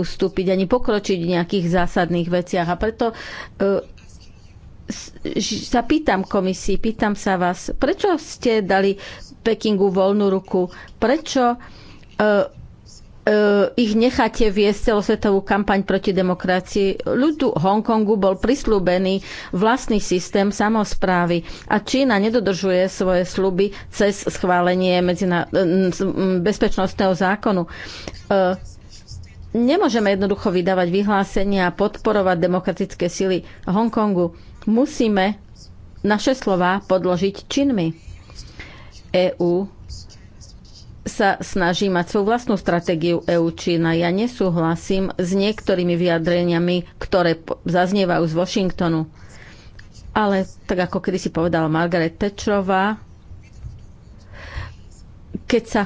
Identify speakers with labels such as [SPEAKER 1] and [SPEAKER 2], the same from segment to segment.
[SPEAKER 1] ustúpiť ani pokročiť v nejakých zásadných veciach. A preto e, sa pýtam komisii, pýtam sa vás, prečo ste dali Pekingu voľnú ruku? Prečo e, e, ich necháte viesť celosvetovú kampaň proti demokracii. Ľudu Hongkongu bol prislúbený vlastný systém samozprávy a Čína nedodržuje svoje sluby cez schválenie medzina- bezpečnostného zákonu nemôžeme jednoducho vydávať vyhlásenia a podporovať demokratické sily Hongkongu. Musíme naše slova podložiť činmi. EÚ sa snaží mať svoju vlastnú stratégiu EU Čína. Ja nesúhlasím s niektorými vyjadreniami, ktoré zaznievajú z Washingtonu. Ale tak ako kedy si povedala Margaret Tečrová, keď sa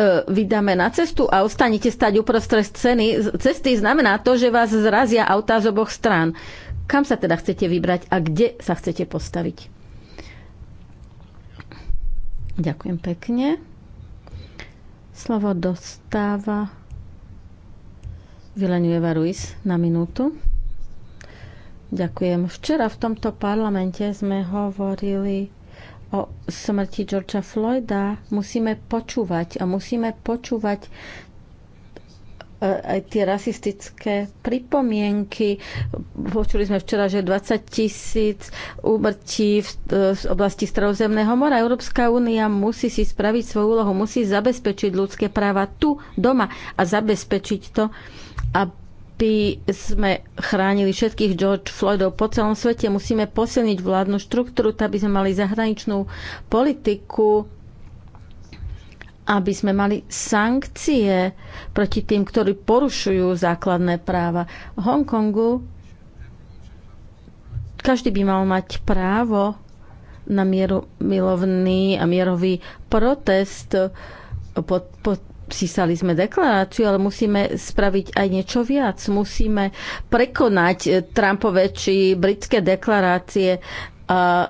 [SPEAKER 1] E, vydáme na cestu a ostanete stať uprostred ceny, cesty, znamená to, že vás zrazia autá z oboch strán. Kam sa teda chcete vybrať a kde sa chcete postaviť? Ďakujem pekne. Slovo dostáva Vilenueva Ruiz na minútu. Ďakujem. Včera v tomto parlamente sme hovorili o smrti Georgea Floyda, musíme počúvať a musíme počúvať e, aj tie rasistické pripomienky. Počuli sme včera, že 20 tisíc úmrtí v e, oblasti Stredozemného mora. Európska únia musí si spraviť svoju úlohu, musí zabezpečiť ľudské práva tu, doma a zabezpečiť to, aby aby sme chránili všetkých George Floydov po celom svete, musíme posilniť vládnu štruktúru, aby sme mali zahraničnú politiku, aby sme mali sankcie proti tým, ktorí porušujú základné práva. V Hongkongu každý by mal mať právo na mieru, milovný a mierový protest pod, pod písali sme deklaráciu, ale musíme spraviť aj niečo viac. Musíme prekonať eh, Trumpove či britské deklarácie a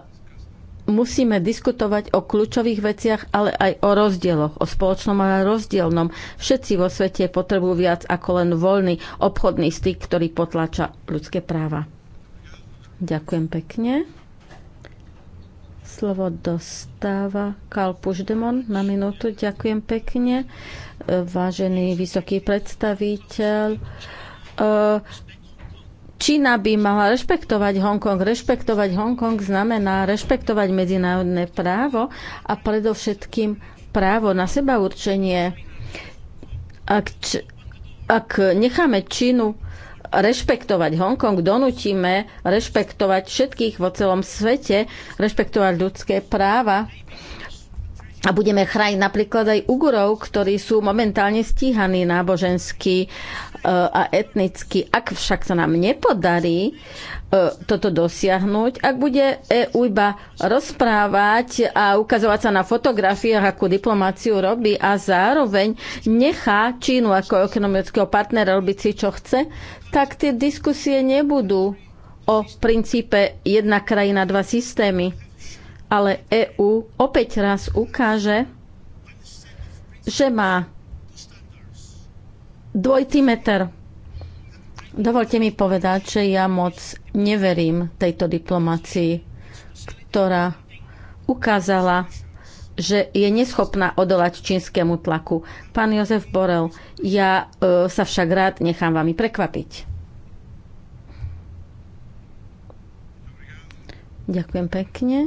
[SPEAKER 1] musíme diskutovať o kľúčových veciach, ale aj o rozdieloch, o spoločnom a rozdielnom. Všetci vo svete potrebujú viac ako len voľný obchodný styk, ktorý potlača ľudské práva. Ďakujem pekne. Slovo dostáva Karl Puždemon na minútu. Ďakujem pekne vážený vysoký predstaviteľ. Eh, Čína by mala rešpektovať Hongkong. Rešpektovať Hongkong znamená rešpektovať medzinárodné právo a predovšetkým právo na seba určenie. Ak, ak necháme Čínu rešpektovať Hongkong, donútime rešpektovať všetkých vo celom svete, rešpektovať ľudské práva a budeme chrániť napríklad aj Ugurov, ktorí sú momentálne stíhaní nábožensky e, a etnicky. Ak však sa nám nepodarí e, toto dosiahnuť, ak bude EU iba rozprávať a ukazovať sa na fotografiách, akú diplomáciu robí a zároveň nechá Čínu ako ekonomického partnera robiť si, čo chce, tak tie diskusie nebudú o princípe jedna krajina, dva systémy ale EÚ opäť raz ukáže, že má dvojtý meter. Dovolte mi povedať, že ja moc neverím tejto diplomácii, ktorá ukázala, že je neschopná odolať čínskému tlaku. Pán Jozef Borel, ja e, sa však rád nechám vami prekvapiť. Ďakujem pekne.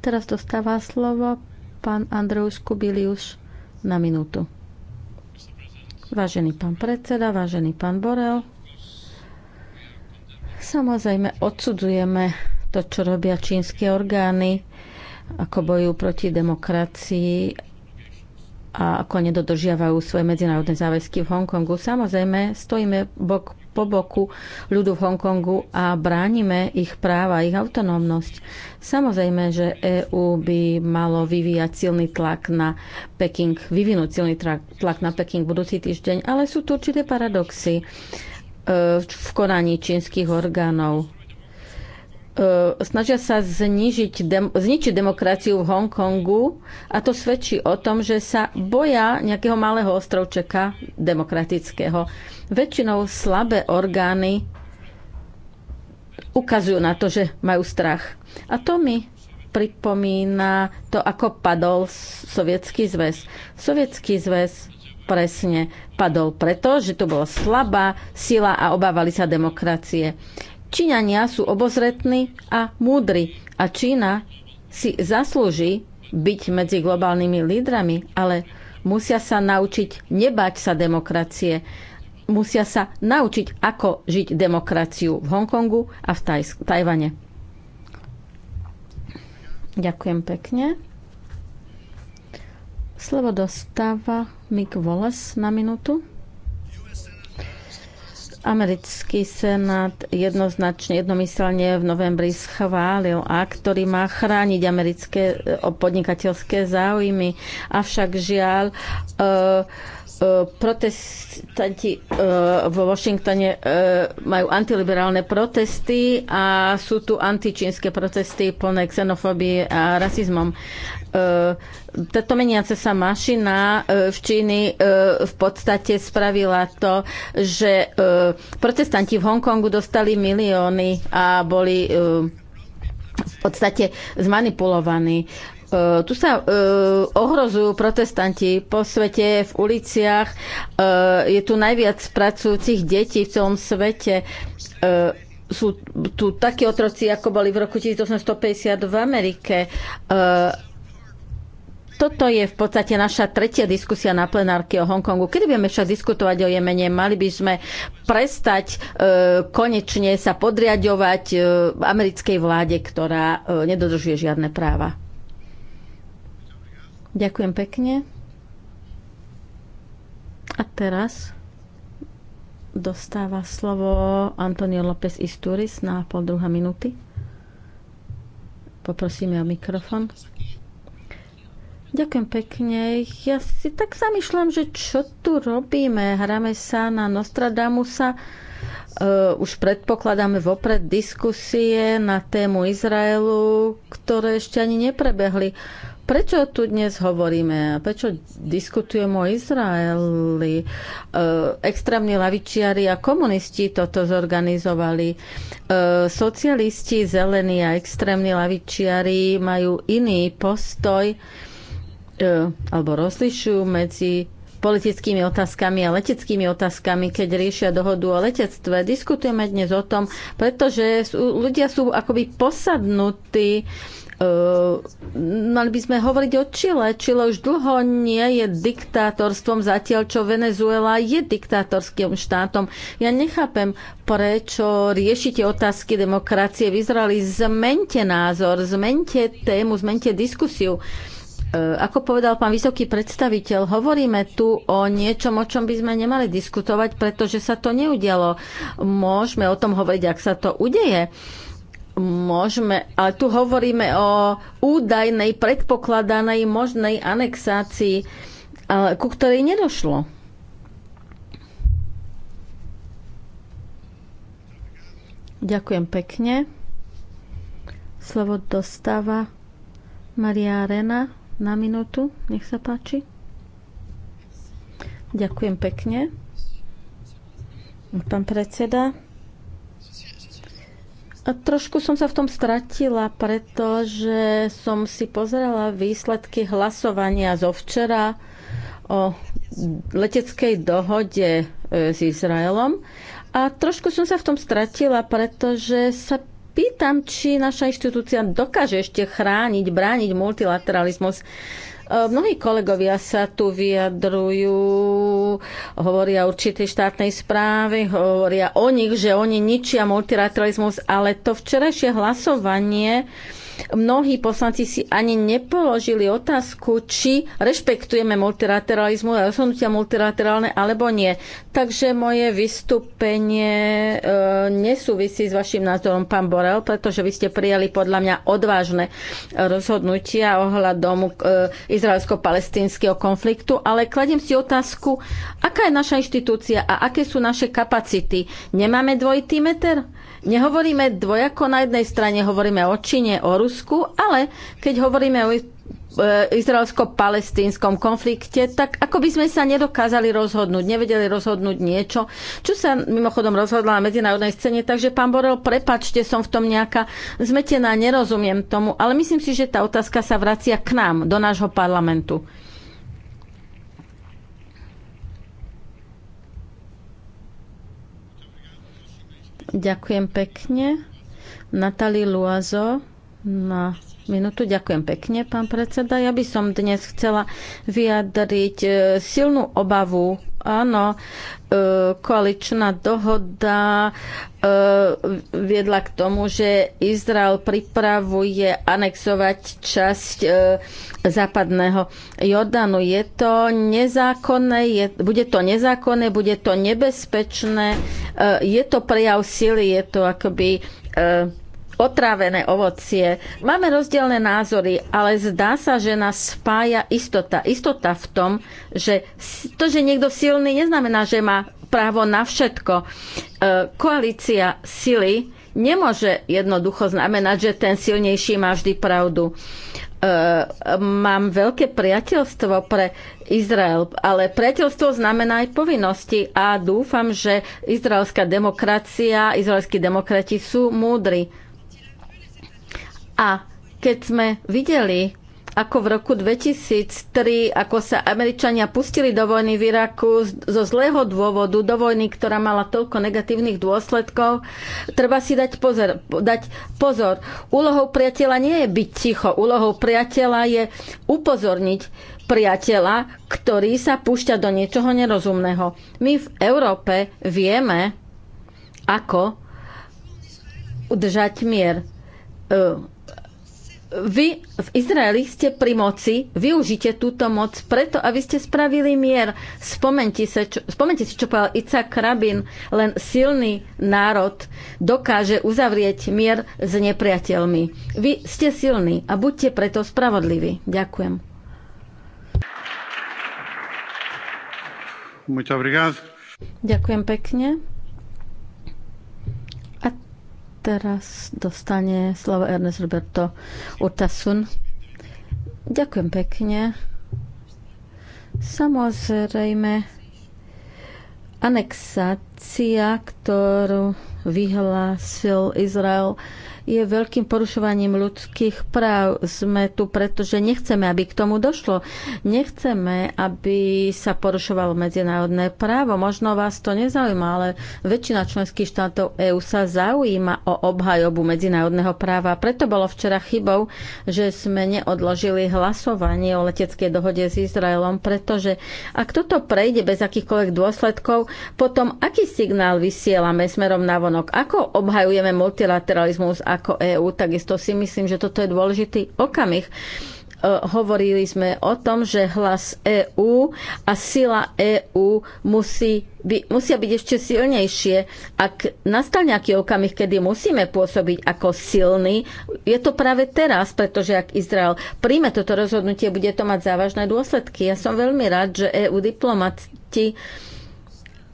[SPEAKER 1] Teraz dostáva slovo pán Andreus Kubilius na minútu. Vážený pán predseda, vážený pán Borel, samozrejme odsudzujeme to, čo robia čínske orgány, ako bojujú proti demokracii a ako nedodržiavajú svoje medzinárodné záväzky v Hongkongu. Samozrejme, stojíme bok po boku ľudu v Hongkongu a bránime ich práva, ich autonómnosť. Samozrejme, že EÚ by malo vyvíjať silný tlak na Peking, vyvinúť silný tlak na Peking budúci týždeň, ale sú tu určité paradoxy e, v konaní čínskych orgánov E, snažia sa znižiť, dem, zničiť demokraciu v Hongkongu a to svedčí o tom, že sa boja nejakého malého ostrovčeka demokratického. Väčšinou slabé orgány ukazujú na to, že majú strach. A to mi pripomína to, ako padol Sovietský zväz. Sovietský zväz presne padol preto, že to bola slabá sila a obávali sa demokracie. Číňania sú obozretní a múdri a Čína si zaslúži byť medzi globálnymi lídrami, ale musia sa naučiť nebať sa demokracie. Musia sa naučiť, ako žiť demokraciu v Hongkongu a v Taj- Tajvane. Ďakujem pekne. Slovo dostáva Mick Wallace na minútu. Americký senát jednoznačne, jednomyselne v novembri schválil akt, ktorý má chrániť americké e, podnikateľské záujmy. Avšak žiaľ, e, e, protestanti vo Washingtone majú antiliberálne protesty a sú tu antičínske protesty plné xenofóbie a rasizmom táto e, meniaca sa mašina e, v Číny e, v podstate spravila to, že protestanti v Hongkongu dostali milióny a boli v podstate zmanipulovaní. tu sa ohrozujú protestanti po svete, v uliciach. je tu najviac pracujúcich detí v celom svete. sú tu takí otroci, ako boli v roku 1850 v Amerike. Toto je v podstate naša tretia diskusia na plenárke o Hongkongu. Kedy budeme však diskutovať o Jemene? Mali by sme prestať e, konečne sa podriadovať e, americkej vláde, ktorá e, nedodržuje žiadne práva. Ďakujem pekne. A teraz dostáva slovo Antonio López Isturis na pol druhá minúty. Poprosíme o mikrofón. Ďakujem pekne. Ja si tak zamýšľam, že čo tu robíme. Hráme sa na Nostradamusa. E, už predpokladáme vopred diskusie na tému Izraelu, ktoré ešte ani neprebehli. Prečo tu dnes hovoríme? Prečo diskutujeme o Izraeli? E, extrémni lavičiari a komunisti toto zorganizovali. E, socialisti, zelení a extrémni lavičiari majú iný postoj. E, alebo rozlišujú medzi politickými otázkami a leteckými otázkami, keď riešia dohodu o letectve. Diskutujeme dnes o tom, pretože sú, ľudia sú akoby posadnutí Uh, mali by sme hovoriť o Čile. Čile už dlho nie je diktátorstvom, zatiaľ čo Venezuela je diktátorským štátom. Ja nechápem, prečo riešite otázky demokracie v Izraeli. Zmente názor, zmente tému, zmente diskusiu. Uh, E, ako povedal pán vysoký predstaviteľ, hovoríme tu o niečom, o čom by sme nemali diskutovať, pretože sa to neudialo. Môžeme o tom hovoriť, ak sa to udeje. Môžeme, ale tu hovoríme o údajnej, predpokladanej, možnej anexácii, ale ku ktorej nedošlo. Ďakujem pekne. Slovo dostáva Maria Arena na minútu. Nech sa páči. Ďakujem pekne. Pán predseda. A trošku som sa v tom stratila, pretože som si pozerala výsledky hlasovania zo včera o leteckej dohode e, s Izraelom. A trošku som sa v tom stratila, pretože sa pýtam, či naša inštitúcia dokáže ešte chrániť, brániť multilateralizmus. E, mnohí kolegovia sa tu vyjadrujú, hovoria o určitej štátnej správe, hovoria o nich, že oni ničia multilateralizmus, ale to včerajšie hlasovanie mnohí poslanci si ani nepoložili otázku, či rešpektujeme multilateralizmu a rozhodnutia multilaterálne alebo nie. Takže moje vystúpenie e, nesúvisí s vašim názorom, pán Borel, pretože vy ste prijali podľa mňa odvážne rozhodnutia ohľadom e, izraelsko-palestínskeho konfliktu, ale kladiem si otázku, aká je naša inštitúcia a aké sú naše kapacity. Nemáme dvojitý meter? Nehovoríme dvojako, na jednej strane hovoríme o Číne, o Rusku, ale keď hovoríme o e, izraelsko-palestínskom konflikte, tak ako by sme sa nedokázali rozhodnúť, nevedeli rozhodnúť niečo, čo sa mimochodom rozhodla na medzinárodnej scéne. Takže, pán Borel, prepačte, som v tom nejaká zmetená, nerozumiem tomu, ale myslím si, že tá otázka sa vracia k nám, do nášho parlamentu. Ďakujem pekne. Natali Luazo na minútu. Ďakujem pekne, pán predseda. Ja by som dnes chcela vyjadriť e, silnú obavu Áno, e, koaličná dohoda e, viedla k tomu, že Izrael pripravuje anexovať časť e, západného Jordánu. Je to nezákonné, je, bude to nezákonné, bude to nebezpečné, je to prejav sily, je to akoby otrávené ovocie. Máme rozdielne názory, ale zdá sa, že nás spája istota. Istota v tom, že to, že niekto silný, neznamená, že má právo na všetko. E, koalícia sily nemôže jednoducho znamenať, že ten silnejší má vždy pravdu. E, mám veľké priateľstvo pre Izrael, ale priateľstvo znamená aj povinnosti a dúfam, že izraelská demokracia, izraelskí demokrati sú múdri a keď sme videli, ako v roku 2003, ako sa Američania pustili do vojny v Iraku zo zlého dôvodu, do vojny, ktorá mala toľko negatívnych dôsledkov, treba si dať pozor. Dať pozor. Úlohou priateľa nie je byť ticho, úlohou priateľa je upozorniť priateľa, ktorý sa púšťa do niečoho nerozumného. My v Európe vieme, ako udržať mier e, vy v Izraeli ste pri moci, využite túto moc preto, aby ste spravili mier. Spomente, si čo, spomente si, čo povedal Icak Rabin, len silný národ dokáže uzavrieť mier s nepriateľmi. Vy ste silní a buďte preto spravodliví. Ďakujem. Ďakujem pekne teraz dostane slovo Ernest Roberto Utasun. Ďakujem pekne. Samozrejme, anexácia, ktorú vyhlásil Izrael, je veľkým porušovaním ľudských práv. Sme tu, pretože nechceme, aby k tomu došlo. Nechceme, aby sa porušovalo medzinárodné právo. Možno vás to nezaujíma, ale väčšina členských štátov EÚ sa zaujíma o obhajobu medzinárodného práva. Preto bolo včera chybou, že sme neodložili hlasovanie o leteckej dohode s Izraelom, pretože ak toto prejde bez akýchkoľvek dôsledkov, potom aký signál vysielame smerom na vonok? Ako obhajujeme multilateralizmus? A ako EÚ, takisto si myslím, že toto je dôležitý okamih e, hovorili sme o tom, že hlas EÚ a sila EÚ musí by, musia byť ešte silnejšie. Ak nastal nejaký okamih, kedy musíme pôsobiť ako silný, je to práve teraz, pretože ak Izrael príjme toto rozhodnutie, bude to mať závažné dôsledky. Ja som veľmi rád, že EÚ diplomati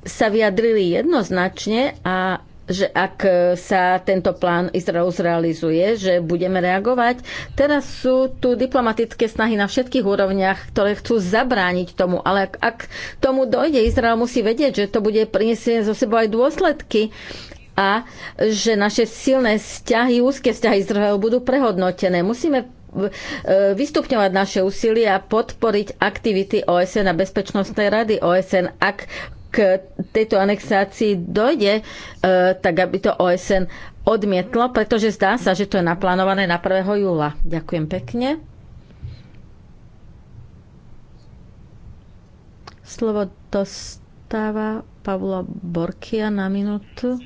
[SPEAKER 1] sa vyjadrili jednoznačne a že ak e, sa tento plán Izraelu zrealizuje, že budeme reagovať. Teraz sú tu diplomatické snahy na všetkých úrovniach, ktoré chcú zabrániť tomu, ale ak, ak tomu dojde, Izrael musí vedieť, že to bude priniesie zo sebou aj dôsledky a že naše silné vzťahy, úzke vzťahy Izraelu budú prehodnotené. Musíme e, vystupňovať naše úsilie a podporiť aktivity OSN a Bezpečnostnej rady OSN, ak k tejto anexácii dojde, e, tak aby to OSN odmietlo, pretože zdá sa, že to je naplánované na 1. júla. Ďakujem pekne. Slovo dostáva Pavla Borkia na minútu.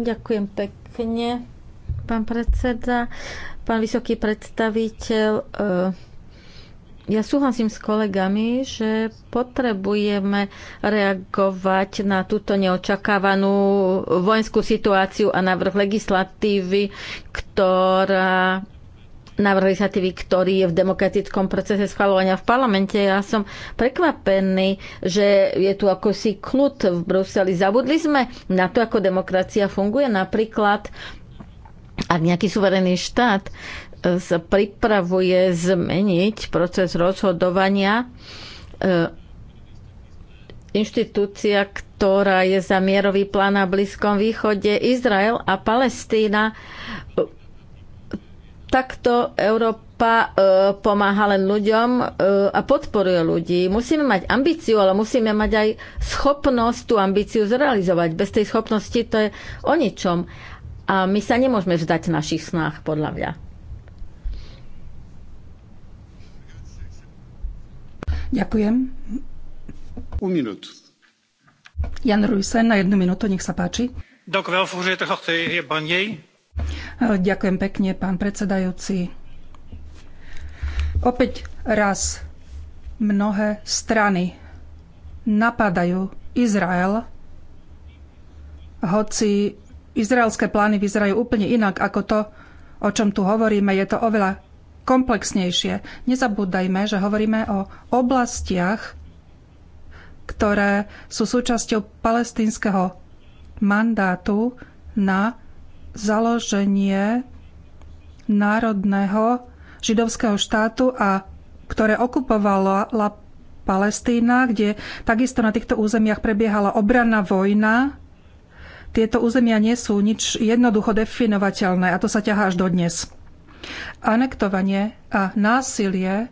[SPEAKER 1] Ďakujem pekne, pán predseda, pán vysoký predstaviteľ. E, ja súhlasím s kolegami, že potrebujeme reagovať na túto neočakávanú vojenskú situáciu a návrh legislatívy, ktorá návrh legislatívy, ktorý je v demokratickom procese schvalovania v parlamente. Ja som prekvapený, že je tu akosi kľud v Bruseli. Zabudli sme na to, ako demokracia funguje. Napríklad, ak nejaký suverénny štát sa pripravuje zmeniť proces rozhodovania e, inštitúcia, ktorá je za mierový plán na Blízkom východe, Izrael a Palestína. Takto Európa e, pomáha len ľuďom e, a podporuje ľudí. Musíme mať ambíciu, ale musíme mať aj schopnosť tú ambíciu zrealizovať. Bez tej schopnosti to je o ničom. A my sa nemôžeme vzdať našich snách, podľa mňa.
[SPEAKER 2] Ďakujem. minút. Jan Rujsen na jednu minútu, nech sa páči. E, ďakujem pekne, pán predsedajúci. Opäť raz mnohé strany napadajú Izrael, hoci izraelské plány vyzerajú úplne inak ako to, o čom tu hovoríme. Je to oveľa komplexnejšie. Nezabúdajme, že hovoríme o oblastiach, ktoré sú súčasťou palestínskeho mandátu na založenie národného židovského štátu a ktoré okupovala Palestína, kde takisto na týchto územiach prebiehala obranná vojna. Tieto územia nie sú nič jednoducho definovateľné a to sa ťahá až dodnes. Anektovanie a násilie,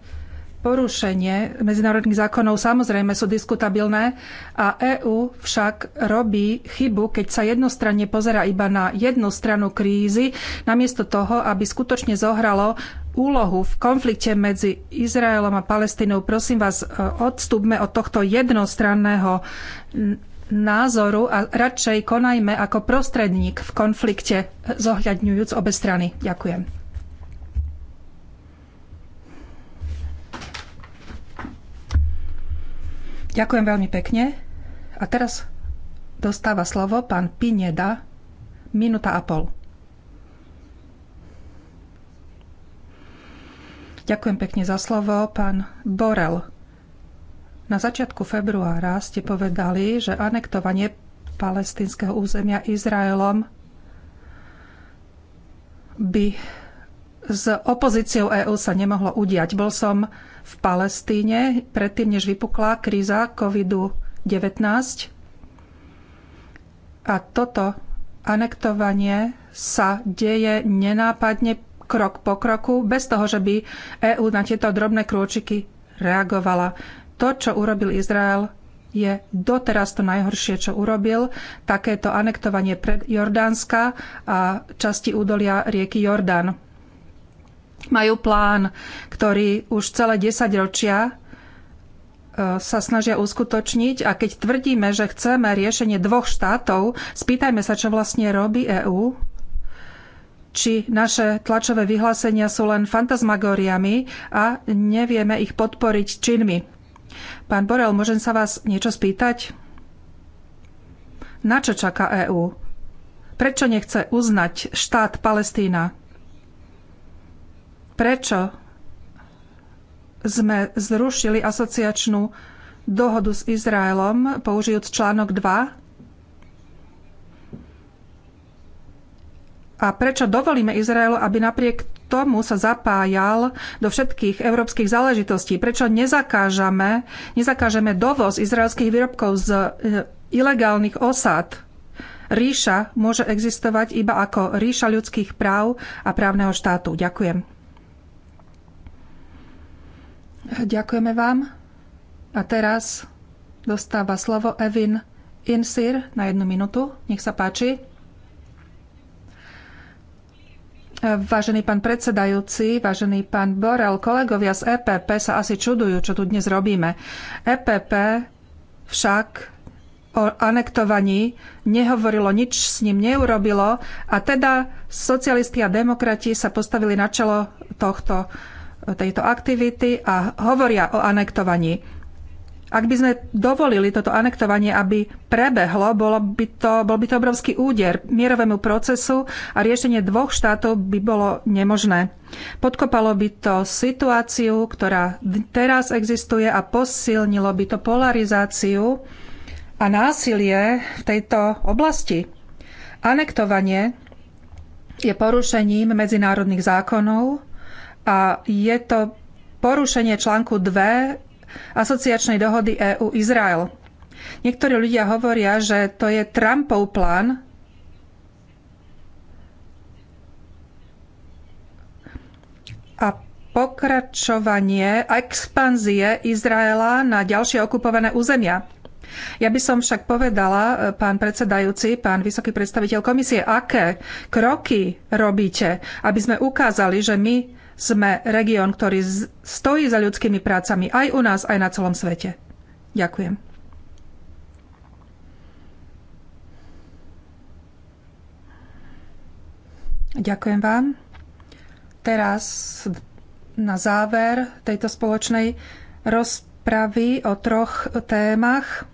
[SPEAKER 2] porušenie medzinárodných zákonov samozrejme sú diskutabilné a EÚ však robí chybu, keď sa jednostranne pozera iba na jednu stranu krízy, namiesto toho, aby skutočne zohralo úlohu v konflikte medzi Izraelom a Palestínou. Prosím vás, e, odstúpme od tohto jednostranného názoru a radšej konajme ako prostredník v konflikte, e, zohľadňujúc obe strany. Ďakujem. Ďakujem veľmi pekne. A teraz dostáva slovo pán Pineda, minúta a pol. Ďakujem pekne za slovo, pán Borel. Na začiatku februára ste povedali, že anektovanie palestinského územia Izraelom by s opozíciou EÚ sa nemohlo udiať. Bol som v Palestíne predtým, než vypukla kríza COVID-19. A toto anektovanie sa deje nenápadne krok po kroku, bez toho, že by EÚ na tieto drobné krôčiky reagovala. To, čo urobil Izrael, je doteraz to najhoršie, čo urobil. Takéto anektovanie pred Jordánska a časti údolia rieky Jordán. Majú plán, ktorý už celé 10 ročia e, sa snažia uskutočniť a keď tvrdíme, že chceme riešenie dvoch štátov, spýtajme sa, čo vlastne robí EÚ, či naše tlačové vyhlásenia sú len fantasmagóriami a nevieme ich podporiť činmi. Pán Borel, môžem sa vás niečo spýtať? Na čo čaká EÚ? Prečo nechce uznať štát Palestína? prečo sme zrušili asociačnú dohodu s Izraelom, použijúc článok 2? A prečo dovolíme Izraelu, aby napriek tomu sa zapájal do všetkých európskych záležitostí? Prečo nezakážeme, nezakážeme dovoz izraelských výrobkov z e, ilegálnych osad? Ríša môže existovať iba ako ríša ľudských práv a právneho štátu. Ďakujem. Ďakujeme vám. A teraz dostáva slovo Evin Insir na jednu minútu. Nech sa páči. Vážený pán predsedajúci, vážený pán Borel, kolegovia z EPP sa asi čudujú, čo tu dnes robíme. EPP však o anektovaní nehovorilo, nič s ním neurobilo a teda socialisti a demokrati sa postavili na čelo tohto tejto aktivity a hovoria o anektovaní. Ak by sme dovolili toto anektovanie, aby prebehlo, bolo by to, bol by to obrovský úder mierovému procesu a riešenie dvoch štátov by bolo nemožné. Podkopalo by to situáciu, ktorá teraz existuje a posilnilo by to polarizáciu a násilie v tejto oblasti. Anektovanie je porušením medzinárodných zákonov a je to porušenie článku 2 asociačnej dohody EU-Izrael. Niektorí ľudia hovoria, že to je Trumpov plán, a pokračovanie expanzie Izraela na ďalšie okupované územia. Ja by som však povedala, e, pán predsedajúci, pán vysoký predstaviteľ komisie, aké kroky robíte, aby sme ukázali, že my sme región, ktorý stojí za ľudskými prácami aj u nás, aj na celom svete. Ďakujem. Ďakujem vám. Teraz na záver tejto spoločnej rozpravy o troch témach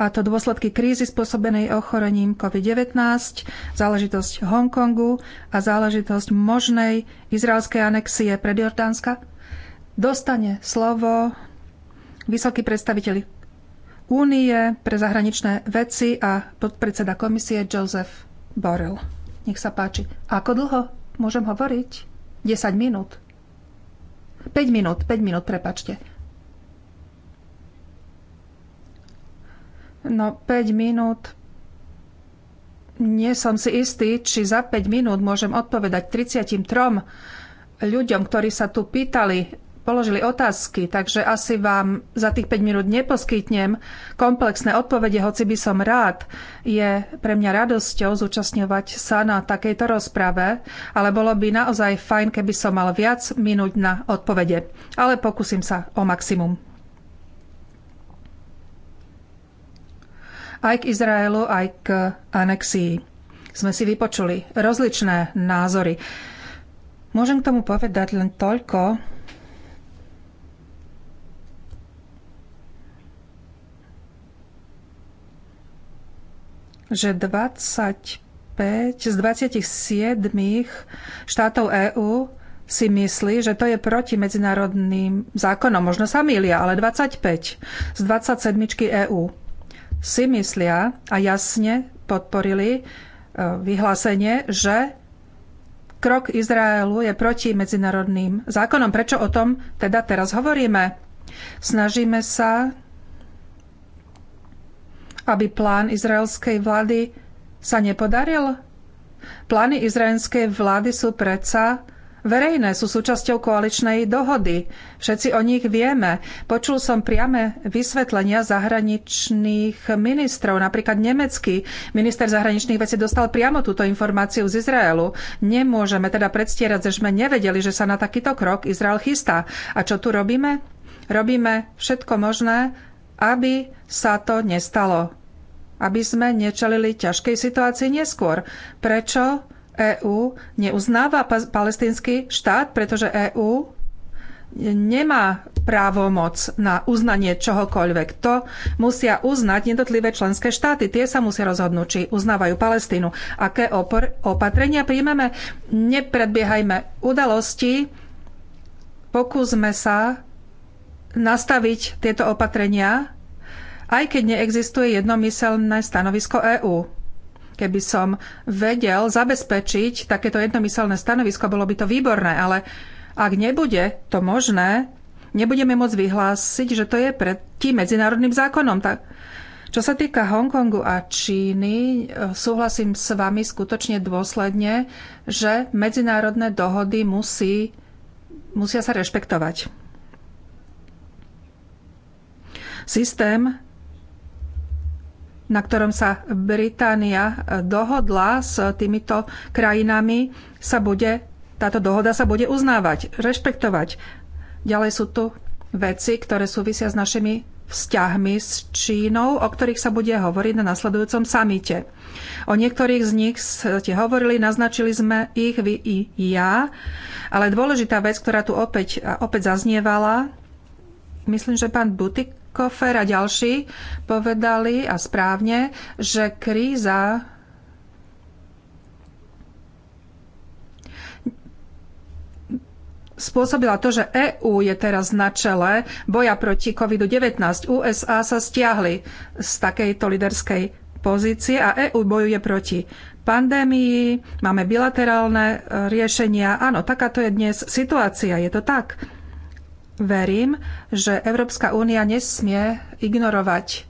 [SPEAKER 2] a to dôsledky krízy spôsobenej ochorením COVID-19, záležitosť Hongkongu a záležitosť možnej izraelskej anexie pred Jordánska, dostane slovo vysoký predstaviteľ Únie pre zahraničné veci a podpredseda komisie Joseph Borrell. Nech sa páči. Ako dlho môžem hovoriť? 10 minút. 5 minút, 5 minút, prepačte. No, 5 minút. Nie som si istý, či za 5 minút môžem odpovedať 33 ľuďom, ktorí sa tu pýtali, položili otázky, takže asi vám za tých 5 minút neposkytnem komplexné odpovede, hoci by som rád. Je pre mňa radosťou zúčastňovať sa na takejto rozprave, ale bolo by naozaj fajn, keby som mal viac minút na odpovede. Ale pokúsim sa o maximum. aj k Izraelu, aj k anexii. Sme si vypočuli rozličné názory. Môžem k tomu povedať len toľko, že 25 z 27 štátov EÚ si myslí, že to je proti medzinárodným zákonom. Možno sa mýlia, ale 25 z 27 EÚ si myslia a jasne podporili e, vyhlásenie, že krok Izraelu je proti medzinárodným zákonom. Prečo o tom teda teraz hovoríme? Snažíme sa, aby plán izraelskej vlády sa nepodaril? Plány izraelskej vlády sú predsa verejné, sú súčasťou koaličnej dohody. Všetci o nich vieme. Počul som priame vysvetlenia zahraničných ministrov. Napríklad nemecký minister zahraničných vecí dostal priamo túto informáciu z Izraelu. Nemôžeme teda predstierať, že sme nevedeli, že sa na takýto krok Izrael chystá. A čo tu robíme? Robíme všetko možné, aby sa to nestalo. Aby sme nečelili ťažkej situácii neskôr. Prečo? EÚ neuznáva palestínsky štát, pretože EÚ nemá právomoc na uznanie čohokoľvek. To musia uznať jednotlivé členské štáty. Tie sa musia rozhodnúť, či uznávajú Palestínu. Aké opatrenia príjmeme? Nepredbiehajme udalosti. Pokúsme sa nastaviť tieto opatrenia, aj keď neexistuje jednomyseľné stanovisko EÚ. Keby som vedel zabezpečiť takéto jednomyselné stanovisko, bolo by to výborné, ale ak nebude to možné, nebudeme môcť vyhlásiť, že to je pred tým medzinárodným zákonom. Tak, čo sa týka Hongkongu a Číny, eh, súhlasím s vami skutočne dôsledne, že medzinárodné dohody musí, musia sa rešpektovať. Systém na ktorom sa Británia e, dohodla s týmito krajinami, sa bude, táto dohoda sa bude uznávať, rešpektovať. Ďalej sú tu veci, ktoré súvisia s našimi vzťahmi s Čínou, o ktorých sa bude hovoriť na nasledujúcom samite. O niektorých z nich ste hovorili, naznačili sme ich vy i ja, ale dôležitá vec, ktorá tu opäť, opäť zaznievala, myslím, že pán Butik Kofer a ďalší povedali a správne, že kríza spôsobila to, že EÚ je teraz na čele boja proti COVID-19. USA sa stiahli z takejto liderskej pozície a EÚ bojuje proti pandémii, máme bilaterálne riešenia. Áno, takáto je dnes situácia, je to tak. Verím, že Európska únia nesmie ignorovať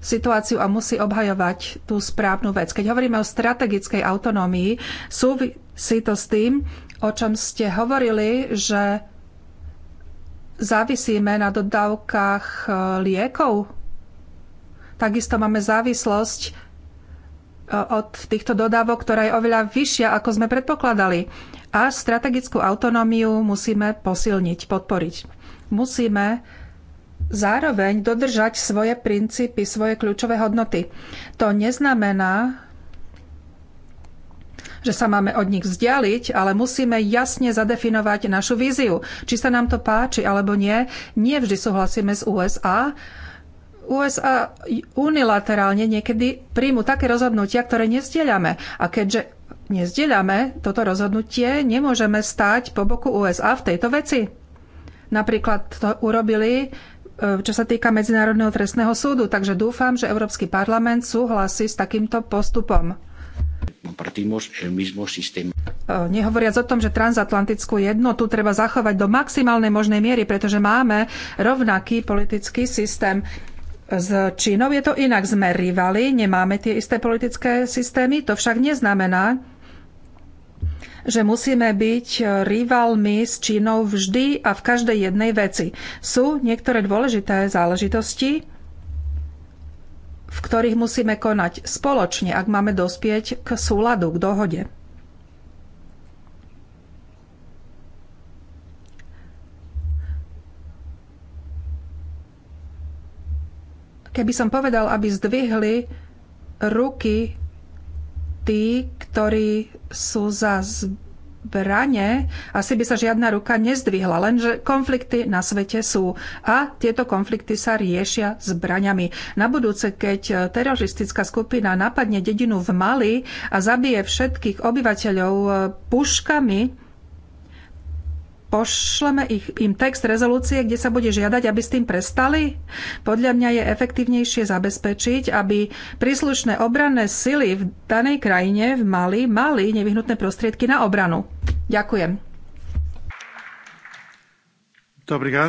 [SPEAKER 2] situáciu a musí obhajovať tú správnu vec. Keď hovoríme o strategickej autonómii, súvisí to s tým, o čom ste hovorili, že závisíme na dodávkach e, liekov. Takisto máme závislosť e, od týchto dodávok, ktorá je oveľa vyššia, ako sme predpokladali. A strategickú autonómiu musíme posilniť, podporiť musíme zároveň dodržať svoje princípy, svoje kľúčové hodnoty. To neznamená, že sa máme od nich vzdialiť, ale musíme jasne zadefinovať našu víziu. Či sa nám to páči alebo nie, nie vždy súhlasíme s USA. USA unilaterálne niekedy príjmu také rozhodnutia, ktoré nezdieľame. A keďže nezdieľame toto rozhodnutie, nemôžeme stáť po boku USA v tejto veci napríklad to urobili, e, čo sa týka Medzinárodného trestného súdu. Takže dúfam, že Európsky parlament súhlasí s takýmto postupom. E, nehovoriac o tom, že transatlantickú jednotu treba zachovať do maximálnej možnej miery, pretože máme rovnaký politický systém. S Čínou je to inak. Sme rivali, nemáme tie isté politické systémy. To však neznamená, že musíme byť e, rivalmi s Čínou vždy a v každej jednej veci. Sú niektoré dôležité záležitosti, v ktorých musíme konať spoločne, ak máme dospieť k súladu, k dohode. Keby som povedal, aby zdvihli ruky tí, ktorí sú za zbranie, asi by sa žiadna ruka nezdvihla, lenže konflikty na svete sú a tieto konflikty sa riešia zbraňami. Na budúce, keď teroristická skupina napadne dedinu v Mali a zabije všetkých obyvateľov puškami, pošleme ich, im text rezolúcie, kde sa bude žiadať, aby s tým prestali? Podľa mňa je efektívnejšie zabezpečiť, aby príslušné obranné sily v danej krajine, v Mali, mali nevyhnutné prostriedky na obranu. Ďakujem. Eh,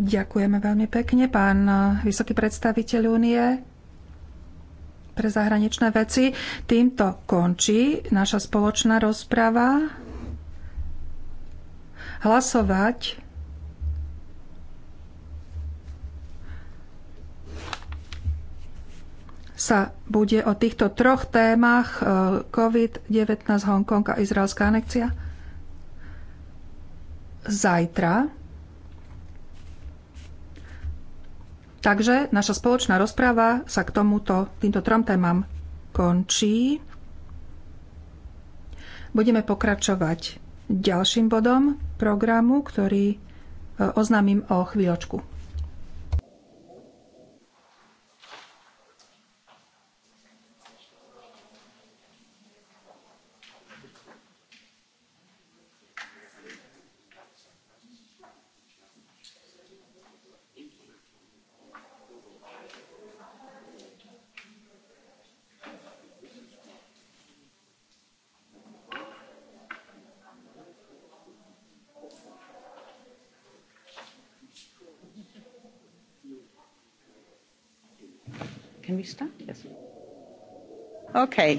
[SPEAKER 2] Ďakujeme veľmi pekne, pán eh, vysoký predstaviteľ únie pre zahraničné veci. Týmto končí naša spoločná rozprava. Hlasovať sa bude o týchto troch témach e, COVID-19, Hongkong a izraelská anekcia zajtra Takže naša spoločná rozpráva sa k tomuto, týmto trom témam končí. Budeme pokračovať ďalším bodom programu, ktorý e, oznámim o chvíľočku. Yes. Okay.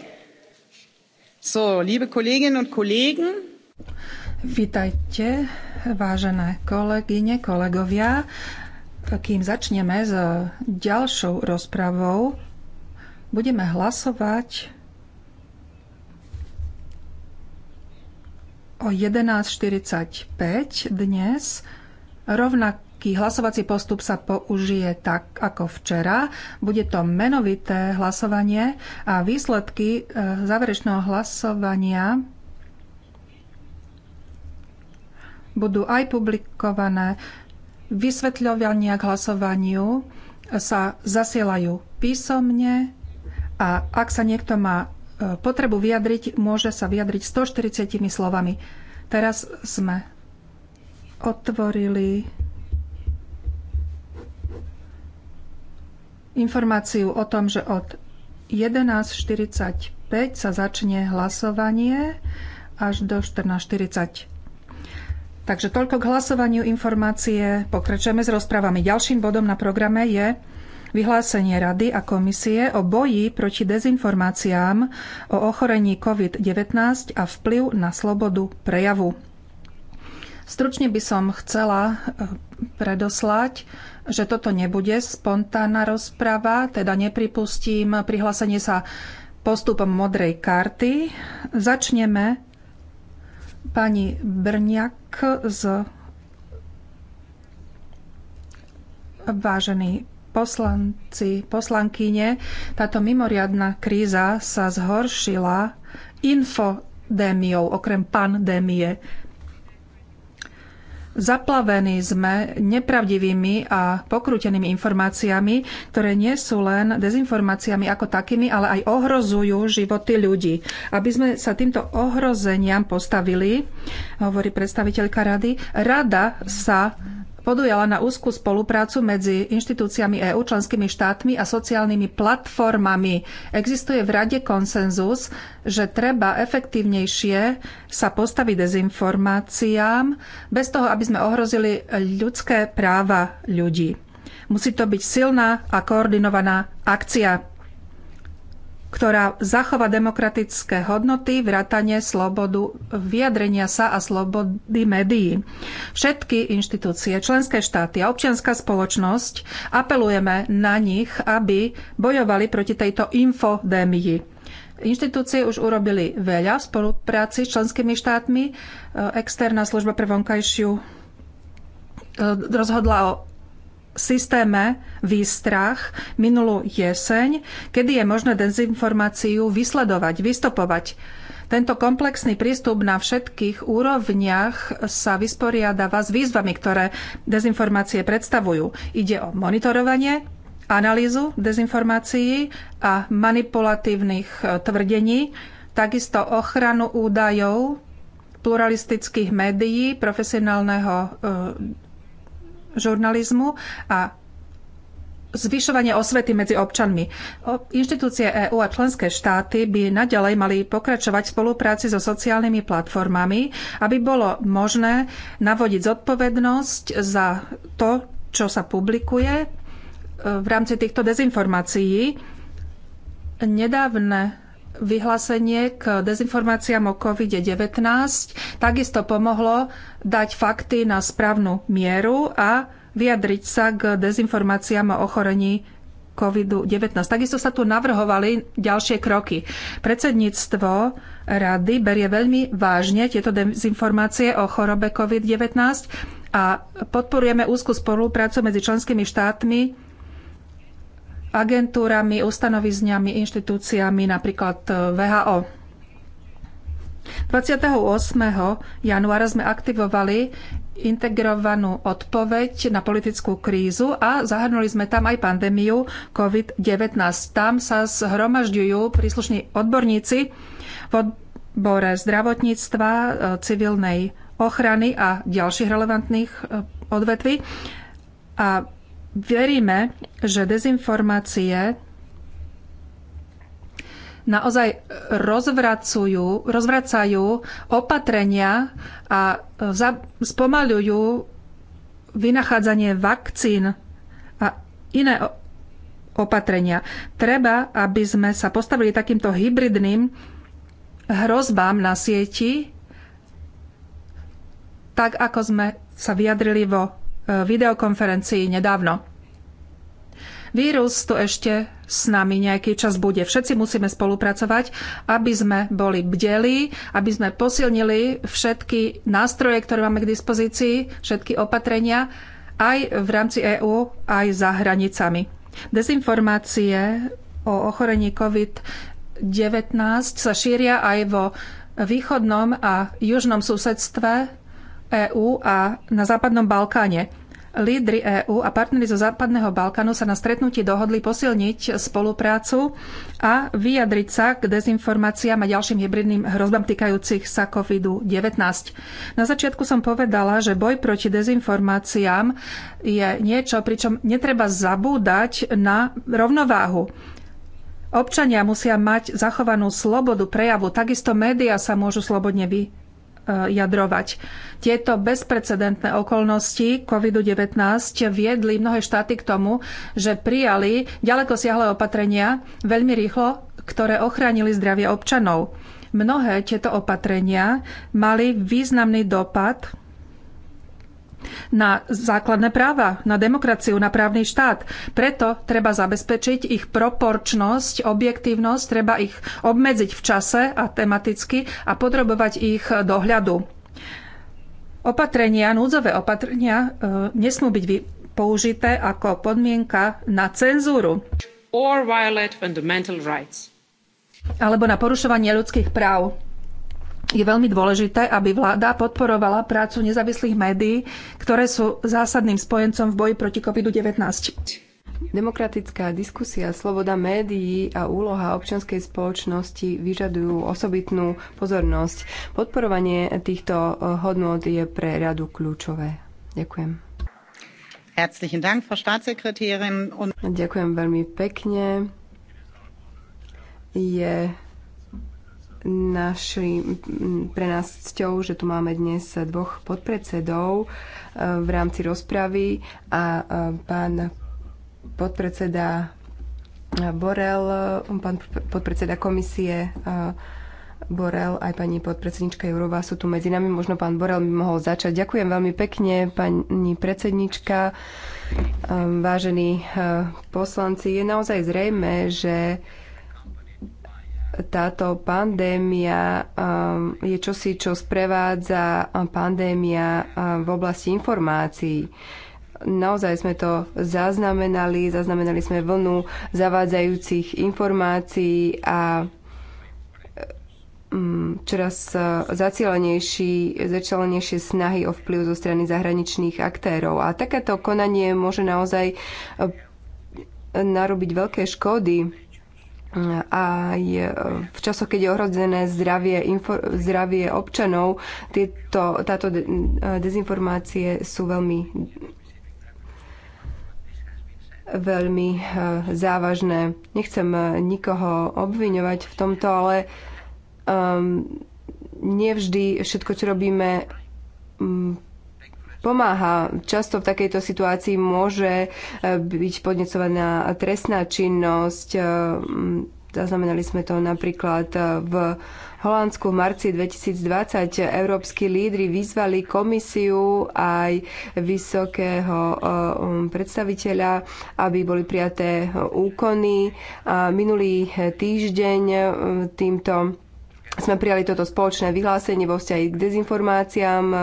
[SPEAKER 2] So, liebe Kolleginnen und Kollegen. Vítajte, vážené kolegyne, kolegovia. Kým začneme s ďalšou rozpravou, budeme hlasovať o 11.45 dnes rovnak Rovnaký hlasovací postup sa použije tak ako včera. Bude to menovité hlasovanie a výsledky e, záverečného hlasovania budú aj publikované. Vysvetľovania k hlasovaniu sa zasielajú písomne a ak sa niekto má e, potrebu vyjadriť, môže sa vyjadriť 140 slovami. Teraz sme otvorili informáciu o tom, že od 11.45 sa začne hlasovanie až do 14.40. Takže toľko k hlasovaniu informácie. Pokračujeme s rozprávami. Ďalším bodom na programe je vyhlásenie Rady a komisie o boji proti dezinformáciám o ochorení COVID-19 a vplyv na slobodu prejavu. Stručne by som chcela eh, predoslať, že toto nebude spontánna rozprava, teda nepripustím prihlásenie sa postupom modrej karty. Začneme pani Brňak z vážený poslanci, poslankyne. Táto mimoriadná kríza sa zhoršila infodémiou, okrem pandémie. Zaplavení sme nepravdivými a pokrútenými informáciami, ktoré nie sú len dezinformáciami ako takými, ale aj ohrozujú životy ľudí. Aby sme sa týmto ohrozeniam postavili, hovorí predstaviteľka rady, rada sa podujala na úzku spoluprácu medzi inštitúciami EÚ, členskými štátmi a sociálnymi platformami. Existuje v rade konsenzus, že treba efektívnejšie sa postaviť dezinformáciám bez toho, aby sme ohrozili ľudské práva ľudí. Musí to byť silná a koordinovaná akcia ktorá zachová demokratické hodnoty, vrátanie slobodu vyjadrenia sa a slobody médií. Všetky inštitúcie, členské štáty a občianská spoločnosť apelujeme na nich, aby bojovali proti tejto infodémii. Inštitúcie už urobili veľa v spolupráci s členskými štátmi. Externá služba pre vonkajšiu eh, rozhodla o systéme výstrach minulú jeseň, kedy je možné dezinformáciu vysledovať, vystopovať. Tento komplexný prístup na všetkých úrovniach sa vysporiadáva s výzvami, ktoré dezinformácie predstavujú. Ide o monitorovanie, analýzu dezinformácií a manipulatívnych e, tvrdení, takisto ochranu údajov pluralistických médií, profesionálneho e, žurnalizmu a zvyšovanie osvety medzi občanmi. Inštitúcie EÚ a členské štáty by naďalej mali pokračovať v spolupráci so sociálnymi platformami, aby bolo možné navodiť zodpovednosť za to, čo sa publikuje e, v rámci týchto dezinformácií. Nedávne vyhlásenie k dezinformáciám o COVID-19 takisto pomohlo dať fakty na správnu mieru a vyjadriť sa k dezinformáciám o ochorení COVID-19. Takisto sa tu navrhovali ďalšie kroky. Predsedníctvo rady berie veľmi vážne tieto dezinformácie o chorobe COVID-19 a podporujeme úzku spoluprácu medzi členskými štátmi agentúrami, ustanovizňami, inštitúciami, napríklad e, VHO. 28. januára sme aktivovali integrovanú odpoveď na politickú krízu a zahrnuli sme tam aj pandémiu COVID-19. Tam sa zhromažďujú príslušní odborníci v odbore zdravotníctva, e, civilnej ochrany a ďalších relevantných e, odvetví. A veríme, že dezinformácie naozaj rozvracujú, rozvracajú opatrenia a spomalujú spomaľujú vynachádzanie vakcín a iné opatrenia. Treba, aby sme sa postavili takýmto hybridným hrozbám na sieti, tak ako sme sa vyjadrili vo Eh, videokonferencii nedávno. Vírus tu ešte s nami nejaký čas bude. Všetci musíme spolupracovať, aby sme boli bdelí, aby sme posilnili všetky nástroje, ktoré máme k dispozícii, všetky opatrenia aj v rámci EÚ, aj za hranicami. Dezinformácie o ochorení COVID-19 sa šíria aj vo východnom a južnom susedstve EÚ a na Západnom Balkáne. Lídry EÚ a partnery zo Západného Balkánu sa na stretnutí dohodli posilniť spoluprácu a vyjadriť sa k dezinformáciám a ďalším hybridným hrozbám týkajúcich sa COVID-19. Na začiatku som povedala, že boj proti dezinformáciám je niečo, pričom netreba zabúdať na rovnováhu. Občania musia mať zachovanú slobodu prejavu, takisto médiá sa môžu slobodne vyjadriť E, jadrovať. Tieto bezprecedentné okolnosti COVID-19 viedli mnohé štáty k tomu, že prijali ďaleko siahle opatrenia veľmi rýchlo, ktoré ochránili zdravie občanov. Mnohé tieto opatrenia mali významný dopad na základné práva, na demokraciu, na právny štát. Preto treba zabezpečiť ich proporčnosť, objektívnosť, treba ich obmedziť v čase a tematicky a podrobovať ich dohľadu. Opatrenia, núdzové opatrenia e, nesmú byť použité ako podmienka na cenzúru alebo na porušovanie ľudských práv je veľmi dôležité, aby vláda podporovala prácu nezávislých médií, ktoré sú zásadným spojencom v boji proti COVID-19.
[SPEAKER 3] Demokratická diskusia, sloboda médií a úloha občianskej spoločnosti vyžadujú osobitnú pozornosť. Podporovanie týchto eh, hodnôt je pre radu kľúčové. Ďakujem. Ďakujem veľmi pekne. Je naši, pre nás cťou, že tu máme dnes dvoch podpredsedov e, v rámci rozpravy a e, pán podpredseda Borel, pán podpredseda komisie e, Borel, aj pani podpredsednička Jurová sú tu medzi nami. Možno pán Borel by mohol začať. Ďakujem veľmi pekne, pani predsednička. Vážení poslanci, je naozaj zrejme, že táto pandémia um, je čosi, čo sprevádza pandémia um, v oblasti informácií. Naozaj sme to zaznamenali, zaznamenali sme vlnu zavádzajúcich informácií a um, čoraz uh, zacielenejšie snahy o vplyv zo strany zahraničných aktérov. A takéto konanie môže naozaj uh, narobiť veľké škody aj e, v časoch, keď je ohrozené zdravie, infor, zdravie občanov, tieto, táto e, dezinformácie sú veľmi veľmi e, závažné. Nechcem nikoho obviňovať v tomto, ale um, nevždy všetko, čo robíme, um, pomáha. Často v takejto situácii môže e, byť podnecovaná trestná činnosť. E, zaznamenali sme to napríklad e, v Holandsku v marci 2020. Európsky lídry vyzvali komisiu aj vysokého predstaviteľa, aby boli prijaté úkony. A minulý týždeň týmto sme prijali toto spoločné vyhlásenie vo vzťahu k dezinformáciám e,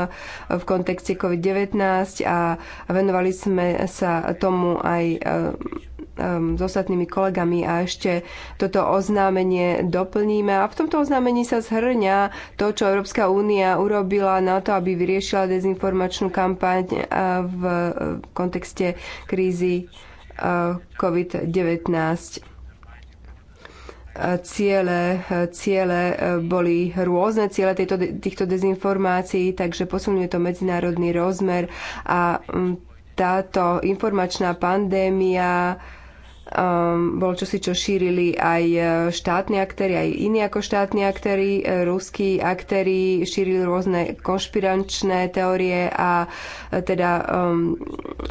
[SPEAKER 3] v kontexte COVID-19 a venovali sme sa tomu aj e, s ostatnými kolegami a ešte toto oznámenie doplníme. A v tomto oznámení sa zhrňa to, čo Európska únia urobila na to, aby vyriešila dezinformačnú kampaň e, v kontexte krízy COVID-19 ciele, ciele e, boli rôzne, ciele tejto, týchto dezinformácií, takže posunuje to medzinárodný rozmer a táto informačná pandémia um, bol čosi, čo šírili aj e, štátni aktéry, aj iní ako štátni aktéry, e, ruskí aktéry šírili rôzne konšpirančné teórie a teda um,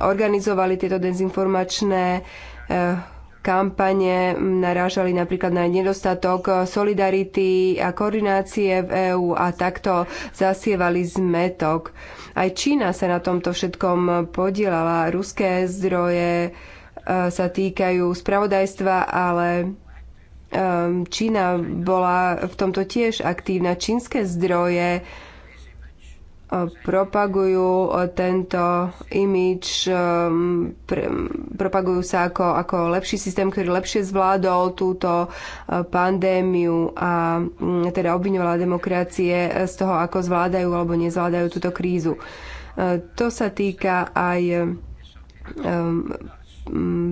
[SPEAKER 3] organizovali tieto dezinformačné uh, kampane narážali napríklad na nedostatok solidarity a koordinácie v EÚ a takto zasievali zmetok. Aj Čína sa na tomto všetkom podielala. Ruské zdroje e, sa týkajú spravodajstva, ale e, Čína bola v tomto tiež aktívna. Čínske zdroje propagujú eh, tento imič, eh, propagujú sa ako, ako lepší systém, ktorý lepšie zvládol túto eh, pandémiu a mm, teda obviňovala demokracie z toho, ako zvládajú alebo nezvládajú túto krízu. To sa týka aj mm,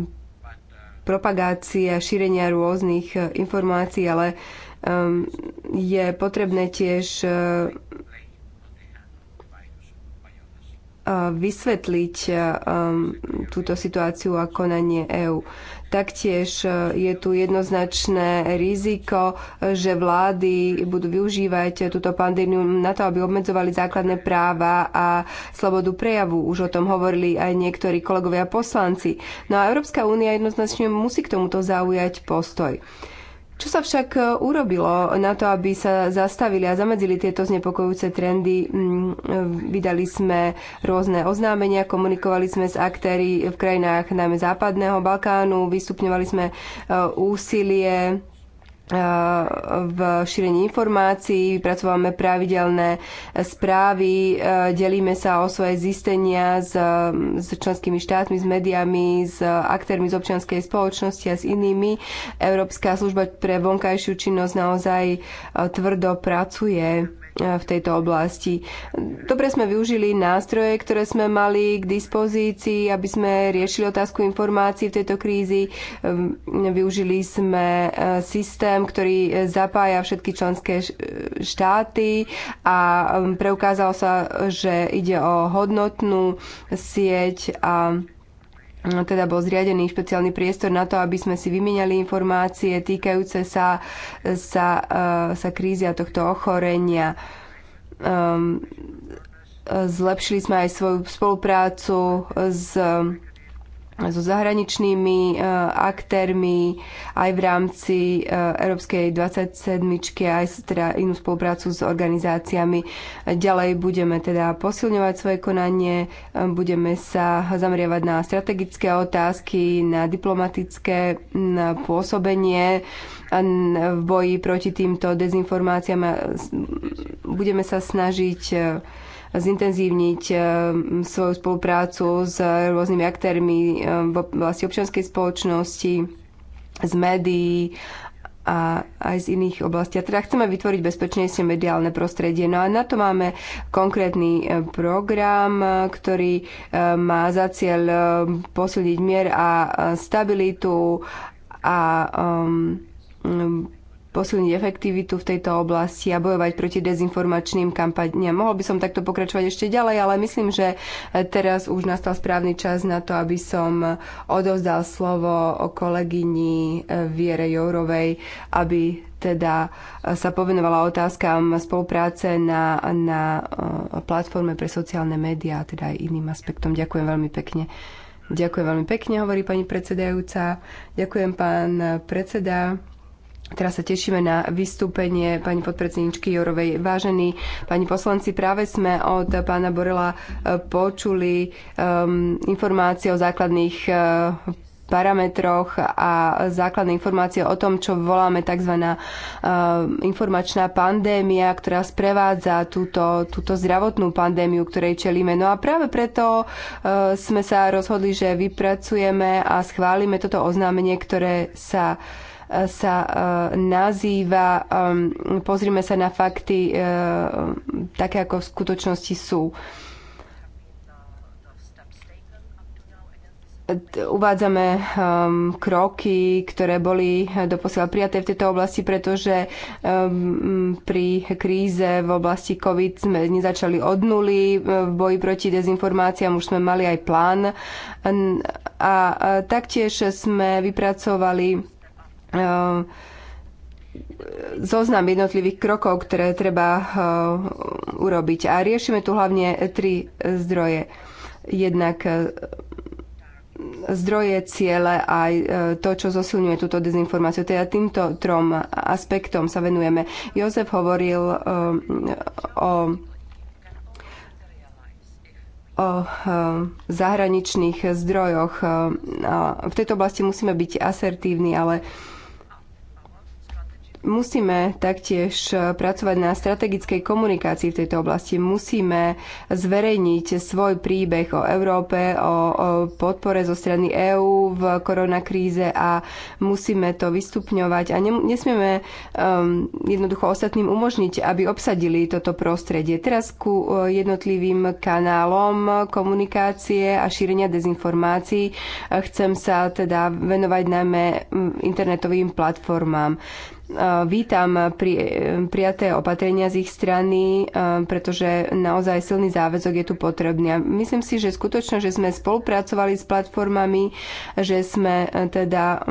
[SPEAKER 3] propagácie a šírenia rôznych informácií, ale je potrebné tiež vysvetliť um, túto situáciu a konanie EÚ. Taktiež je tu jednoznačné riziko, že vlády budú využívať túto pandémiu na to, aby obmedzovali základné práva a slobodu prejavu. Už o tom hovorili aj niektorí kolegovia poslanci. No a Európska únia jednoznačne musí k tomuto zaujať postoj. Čo sa však e, urobilo na to, aby sa zastavili a zamedzili tieto znepokojúce trendy? Mm, e, vydali sme rôzne oznámenia, komunikovali sme s aktéry v krajinách najmä západného Balkánu, vystupňovali sme e, úsilie v šírení informácií, vypracovávame pravidelné správy, delíme sa o svoje zistenia s, s členskými štátmi, s médiami, s aktérmi z občianskej spoločnosti a s inými. Európska služba pre vonkajšiu činnosť naozaj tvrdo pracuje E, v tejto oblasti. Dobre sme využili nástroje, ktoré sme mali k dispozícii, aby sme riešili otázku informácií v tejto krízi. Ehm, využili sme e, systém, ktorý e, zapája všetky členské štáty a ehm, preukázalo sa, že ide o hodnotnú sieť a Mm, teda bol zriadený špeciálny priestor na to, aby sme si vymieniali informácie týkajúce sa, sa, eh, sa krízy a tohto ochorenia. Ehm, zlepšili sme aj svoju spoluprácu s so zahraničnými e, aktérmi aj v rámci e, Európskej 27 aj teda inú spoluprácu s organizáciami. Ďalej budeme teda posilňovať svoje konanie, e, budeme sa zameriavať na strategické otázky, na diplomatické pôsobenie v boji proti týmto dezinformáciám budeme sa snažiť zintenzívniť eh, svoju spoluprácu s rôznymi aktérmi eh, v oblasti občianskej spoločnosti, z médií a aj z iných oblastí. A teda chceme vytvoriť bezpečnejšie mediálne prostredie. No a na to máme konkrétny eh, program, ktorý má za cieľ posilniť mier a stabilitu a um, posilniť efektivitu v tejto oblasti a bojovať proti dezinformačným kampaniam. Mohol by som takto pokračovať ešte ďalej, ale myslím, že teraz už nastal správny čas na to, aby som odovzdal slovo o kolegyni Viere Jourovej, aby teda sa povenovala otázkam spolupráce na, na e, platforme pre sociálne médiá, teda aj iným aspektom. Ďakujem veľmi pekne. Ďakujem veľmi pekne, hovorí pani predsedajúca. Ďakujem pán predseda. Teraz sa tešíme na vystúpenie pani podpredsedničky Jorovej. Vážení pani poslanci, práve sme od pána Borela e, počuli um, informácie o základných uh, parametroch a základné informácie o tom, čo voláme tzv. informačná pandémia, ktorá sprevádza túto, túto zdravotnú pandémiu, ktorej čelíme. No a práve preto sme sa rozhodli, že vypracujeme a schválime toto oznámenie, ktoré sa sa e, nazýva, pozrime sa na fakty e, také, ako v skutočnosti sú. uvádzame um, kroky, ktoré boli doposiaľ prijaté v tejto oblasti, pretože um, pri kríze v oblasti COVID sme nezačali od nuly. E, v boji proti dezinformáciám už sme mali aj plán. A, a taktiež sme vypracovali Ehm, zoznam jednotlivých krokov, ktoré treba ehm, urobiť. A riešime tu hlavne tri zdroje. Jednak ehm, zdroje, ciele aj e, to, čo zosilňuje túto dezinformáciu. Teda týmto trom aspektom sa venujeme. Jozef hovoril o o zahraničných zdrojoch. V tejto oblasti musíme byť asertívni, ale Musíme taktiež e, pracovať na strategickej komunikácii v tejto oblasti. Musíme zverejniť svoj príbeh o Európe, o, o podpore zo strany EÚ v koronakríze a musíme to vystupňovať a ne, nesmieme um, jednoducho ostatným umožniť, aby obsadili toto prostredie. Teraz ku e, jednotlivým kanálom komunikácie a šírenia dezinformácií e, chcem sa teda venovať najmä internetovým platformám vítam pri, prijaté opatrenia z ich strany, pretože naozaj silný záväzok je tu potrebný. A myslím si, že skutočne, že sme spolupracovali s platformami, že sme e, teda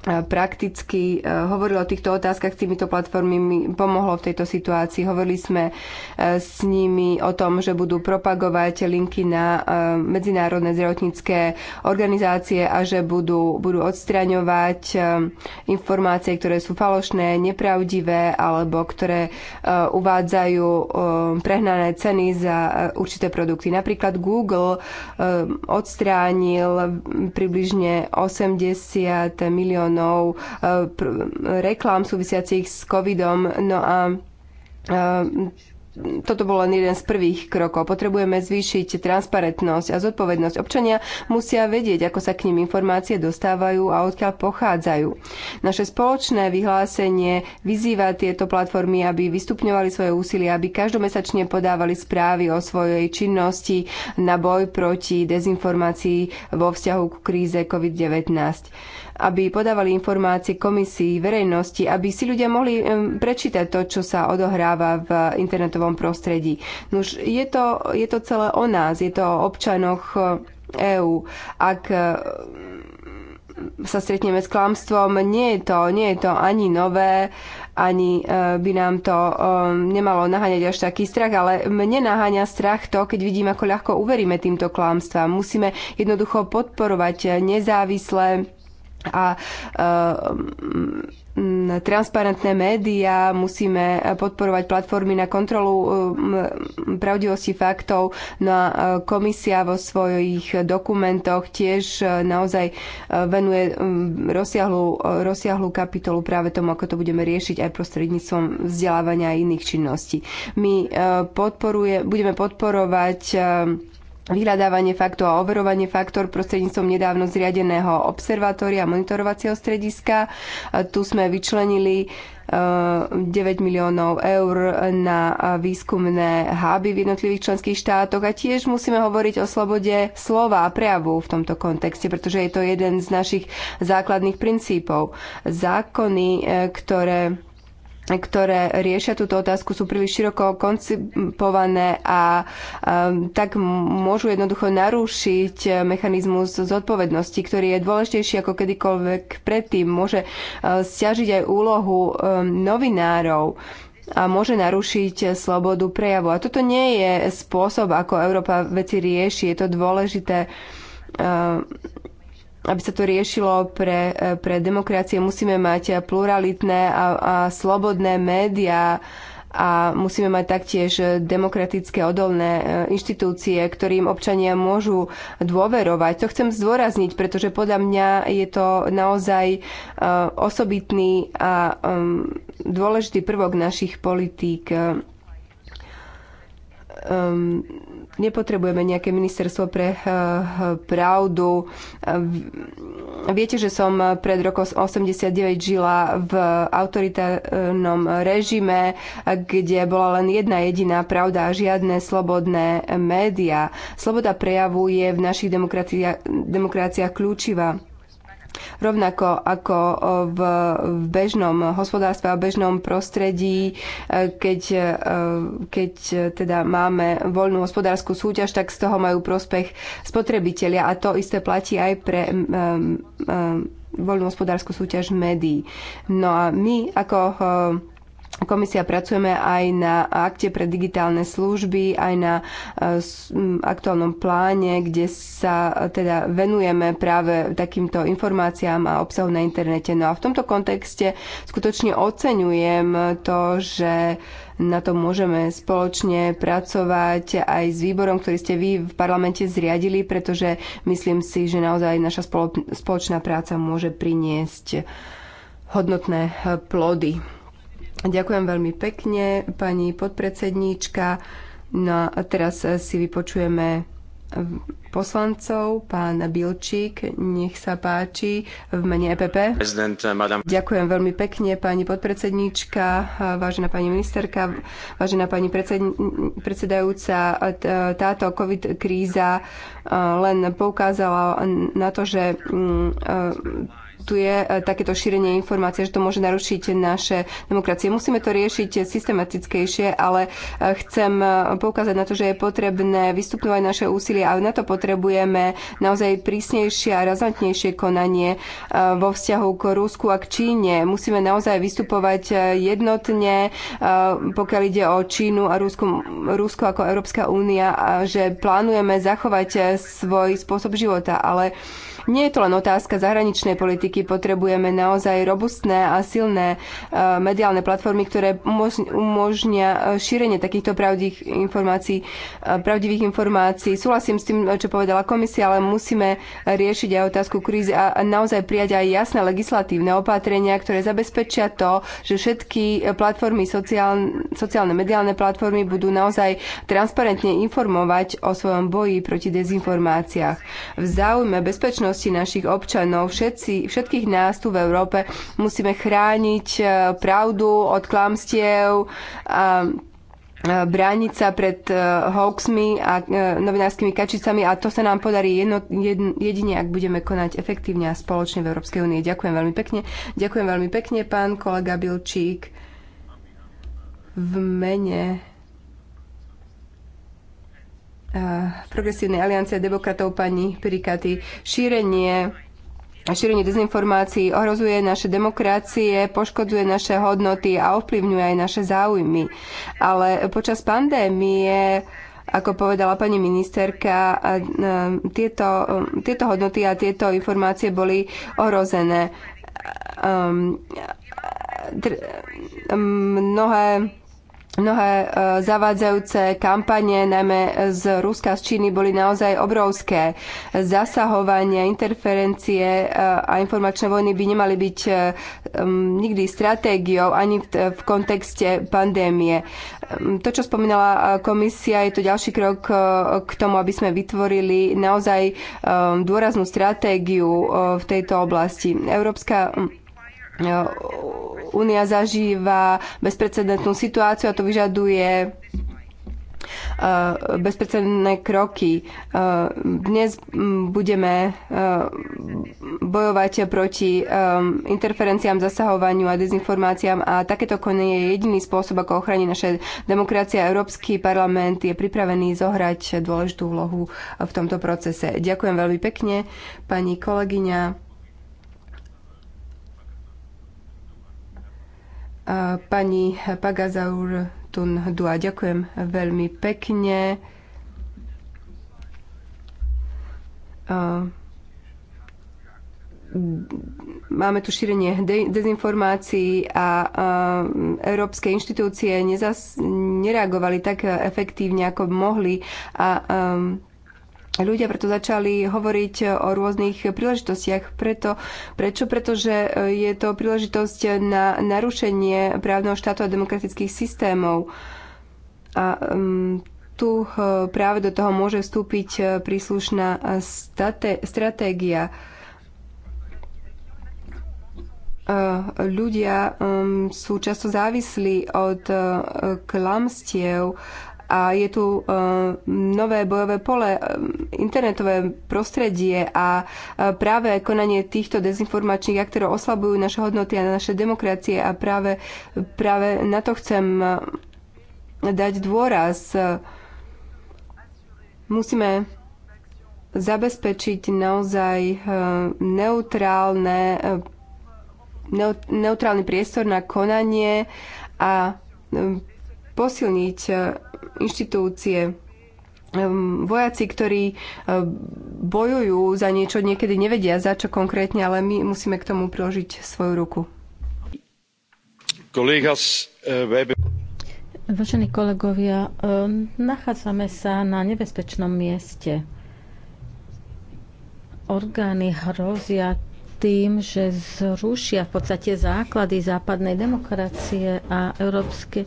[SPEAKER 3] E, prakticky e, hovoril o týchto otázkach s týmito platformami, pomohlo v tejto situácii. Hovorili sme e, s nimi o tom, že budú propagovať linky na medzinárodné zdravotnícke organizácie a že budú, budú odstraňovať informácie, ktoré sú falošné, nepravdivé alebo ktoré uvádzajú prehnané ceny za určité produkty. Napríklad Google odstránil približne 80 milión miliónov eh, reklám súvisiacich s covidom. No a eh, toto bol len jeden z prvých krokov. Potrebujeme zvýšiť transparentnosť a zodpovednosť. Občania musia vedieť, ako sa k ním informácie dostávajú a odkiaľ pochádzajú. Naše spoločné vyhlásenie vyzýva tieto platformy, aby vystupňovali svoje úsilie, aby každomesačne podávali správy o svojej činnosti na boj proti dezinformácii vo vzťahu k kríze COVID-19 aby podávali informácie komisii, verejnosti, aby si ľudia mohli prečítať to, čo sa odohráva v internetovom prostredí. Nož je to, je to celé o nás, je to o občanoch EÚ. Eh, e Ak eh, sa stretneme s klamstvom, nie je to, nie je to ani nové, ani eh, by nám to nemalo naháňať až taký strach, ale mne naháňa strach to, keď vidím, ako ľahko uveríme týmto klamstvám. Musíme jednoducho podporovať nezávislé a eh, transparentné médiá, musíme podporovať platformy na kontrolu eh, pravdivosti faktov. No a eh, komisia vo svojich dokumentoch tiež naozaj venuje mm, rozsiahlu, rozsiahlu kapitolu práve tomu, ako to budeme riešiť aj prostredníctvom vzdelávania a iných činností. My podporuje, budeme podporovať vyhľadávanie faktov a overovanie faktor prostredníctvom nedávno zriadeného observatória a monitorovacieho strediska. Tu sme vyčlenili 9 e, miliónov eur na výskumné háby v jednotlivých členských štátoch a tiež musíme hovoriť o slobode slova a prejavu v tomto kontexte, pretože je to jeden z našich základných princípov. Zákony, e, ktoré ktoré riešia túto otázku, sú príliš široko koncipované a um, tak môžu jednoducho narušiť e, mechanizmus zodpovednosti, ktorý je dôležitejší ako kedykoľvek predtým. Môže uh, stiažiť aj úlohu um, novinárov a môže narušiť slobodu prejavu. A toto nie je spôsob, ako Európa veci rieši. Je to dôležité uh, aby sa to riešilo pre, eh, pre demokracie, musíme mať pluralitné a, a slobodné médiá a musíme mať taktiež demokratické odolné eh, inštitúcie, ktorým občania môžu dôverovať. To chcem zdôrazniť, pretože podľa mňa je to naozaj eh, osobitný a mm, dôležitý prvok našich politík mm, Nepotrebujeme nejaké ministerstvo pre eh, pravdu. Eh, viete, že som pred rokom 89 žila v autoritárnom režime, kde bola len jedna jediná pravda a žiadne slobodné médiá. Sloboda prejavu je v našich demokraciách kľúčivá Rovnako ako e, v, v bežnom hospodárstve a bežnom prostredí, e, keď, e, keď teda máme voľnú hospodárskú súťaž, tak z toho majú prospech spotrebitelia a to isté platí aj pre um, um, voľnú hospodárskú súťaž médií. No a my ako Komisia pracujeme aj na akte pre digitálne služby, aj na e, aktuálnom pláne, kde sa e, teda venujeme práve takýmto informáciám a obsahu na internete. No a v tomto kontexte skutočne oceňujem to, že na to môžeme spoločne pracovať aj s výborom, ktorý ste vy v parlamente zriadili, pretože myslím si, že naozaj naša spoločná práca môže priniesť hodnotné e, plody. Ďakujem veľmi pekne, pani podpredsedníčka. No a teraz si vypočujeme poslancov, pán Bilčík, nech sa páči v mene EPP.
[SPEAKER 1] Eh,
[SPEAKER 3] Ďakujem veľmi pekne, pani podpredsedníčka, vážená pani ministerka, vážená pani predsed, predsedajúca. Táto COVID kríza eh, len poukázala na to, že mm, eh, akceptuje e, takéto šírenie informácie, že to môže narušiť naše demokracie. Musíme to riešiť systematickejšie, ale e, chcem e, poukázať na to, že je potrebné vystupňovať naše úsilie a na to potrebujeme naozaj prísnejšie a razantnejšie konanie vo vzťahu k Rusku a k Číne. Musíme naozaj vystupovať jednotne, pokiaľ ide o Čínu a Rusko, Rusko ako Európska únia, že plánujeme zachovať svoj spôsob života, ale nie je to len otázka zahraničnej politiky, potrebujeme naozaj robustné a silné e, mediálne platformy, ktoré umožnia e, šírenie takýchto pravdivých informácií, e, pravdivých informácií. Súhlasím s tým, čo povedala komisia, ale musíme riešiť aj otázku krízy a naozaj prijať aj jasné legislatívne opatrenia, ktoré zabezpečia to, že všetky platformy, sociálne, sociálne mediálne platformy budú naozaj transparentne informovať o svojom boji proti dezinformáciách. V záujme bezpečnosti bezpečnosti našich občanov. Všetci, všetkých nás tu v Európe musíme chrániť e, pravdu od klamstiev a e, brániť sa pred e, hoaxmi a novinárskymi kačicami a to sa nám podarí jedno, jed, jedine, ak budeme konať efektívne a spoločne v Európskej únie. Ďakujem veľmi pekne. Ďakujem veľmi pekne, pán kolega Bilčík. V mene Progresívnej aliancie demokratov pani Pirikaty. Šírenie Šírenie dezinformácií ohrozuje naše demokracie, poškodzuje naše hodnoty a ovplyvňuje aj naše záujmy. Ale počas pandémie ako povedala pani ministerka, tieto, tieto hodnoty a tieto informácie boli ohrozené. Mnohé mnohé e, zavádzajúce kampane, najmä z Ruska, z Číny, boli naozaj obrovské. Zasahovanie, interferencie e, a informačné vojny by nemali byť e, nikdy stratégiou ani v kontexte pandémie. To, čo spomínala komisia, je to ďalší krok k tomu, aby sme vytvorili naozaj dôraznú stratégiu v tejto oblasti. Európska Únia zažíva bezprecedentnú situáciu a to vyžaduje eh, bezprecedentné kroky. Eh, dnes mm, budeme eh, bojovať proti interferenciám, zasahovaniu a dezinformáciám a takéto konie je jediný spôsob, ako ochrániť naše demokracia. Európsky parlament je pripravený zohrať dôležitú vlohu v tomto procese. Ďakujem veľmi pekne, pani kolegyňa. Pani Pagazaur Tun Dua, ďakujem veľmi pekne. Máme tu šírenie dezinformácií a európske inštitúcie nereagovali tak efektívne, ako mohli a ľudia preto začali hovoriť o rôznych príležitostiach. Preto, prečo? Pretože e, je to príležitosť na narušenie právneho štátu a demokratických systémov. A um, tu e, práve do toho môže vstúpiť e, príslušná state, stratégia. Ľudia mm, sú často závislí od klamstiev a je tu e, nové bojové pole, e, internetové prostredie a e, práve konanie týchto dezinformačných aktorov oslabujú naše hodnoty a naše demokracie a práve, práve na to chcem dať dôraz. Musíme zabezpečiť naozaj neutrálne, neutrálny priestor na konanie a posilniť e, inštitúcie. Vojaci, ktorí e, bojujú za niečo, niekedy nevedia za čo konkrétne, ale my musíme k tomu priložiť svoju ruku.
[SPEAKER 2] Kolegas, webe... E
[SPEAKER 1] Vážení kolegovia, nachádzame sa na nebezpečnom mieste. Orgány hrozia tým, že zrušia v podstate základy západnej demokracie a európske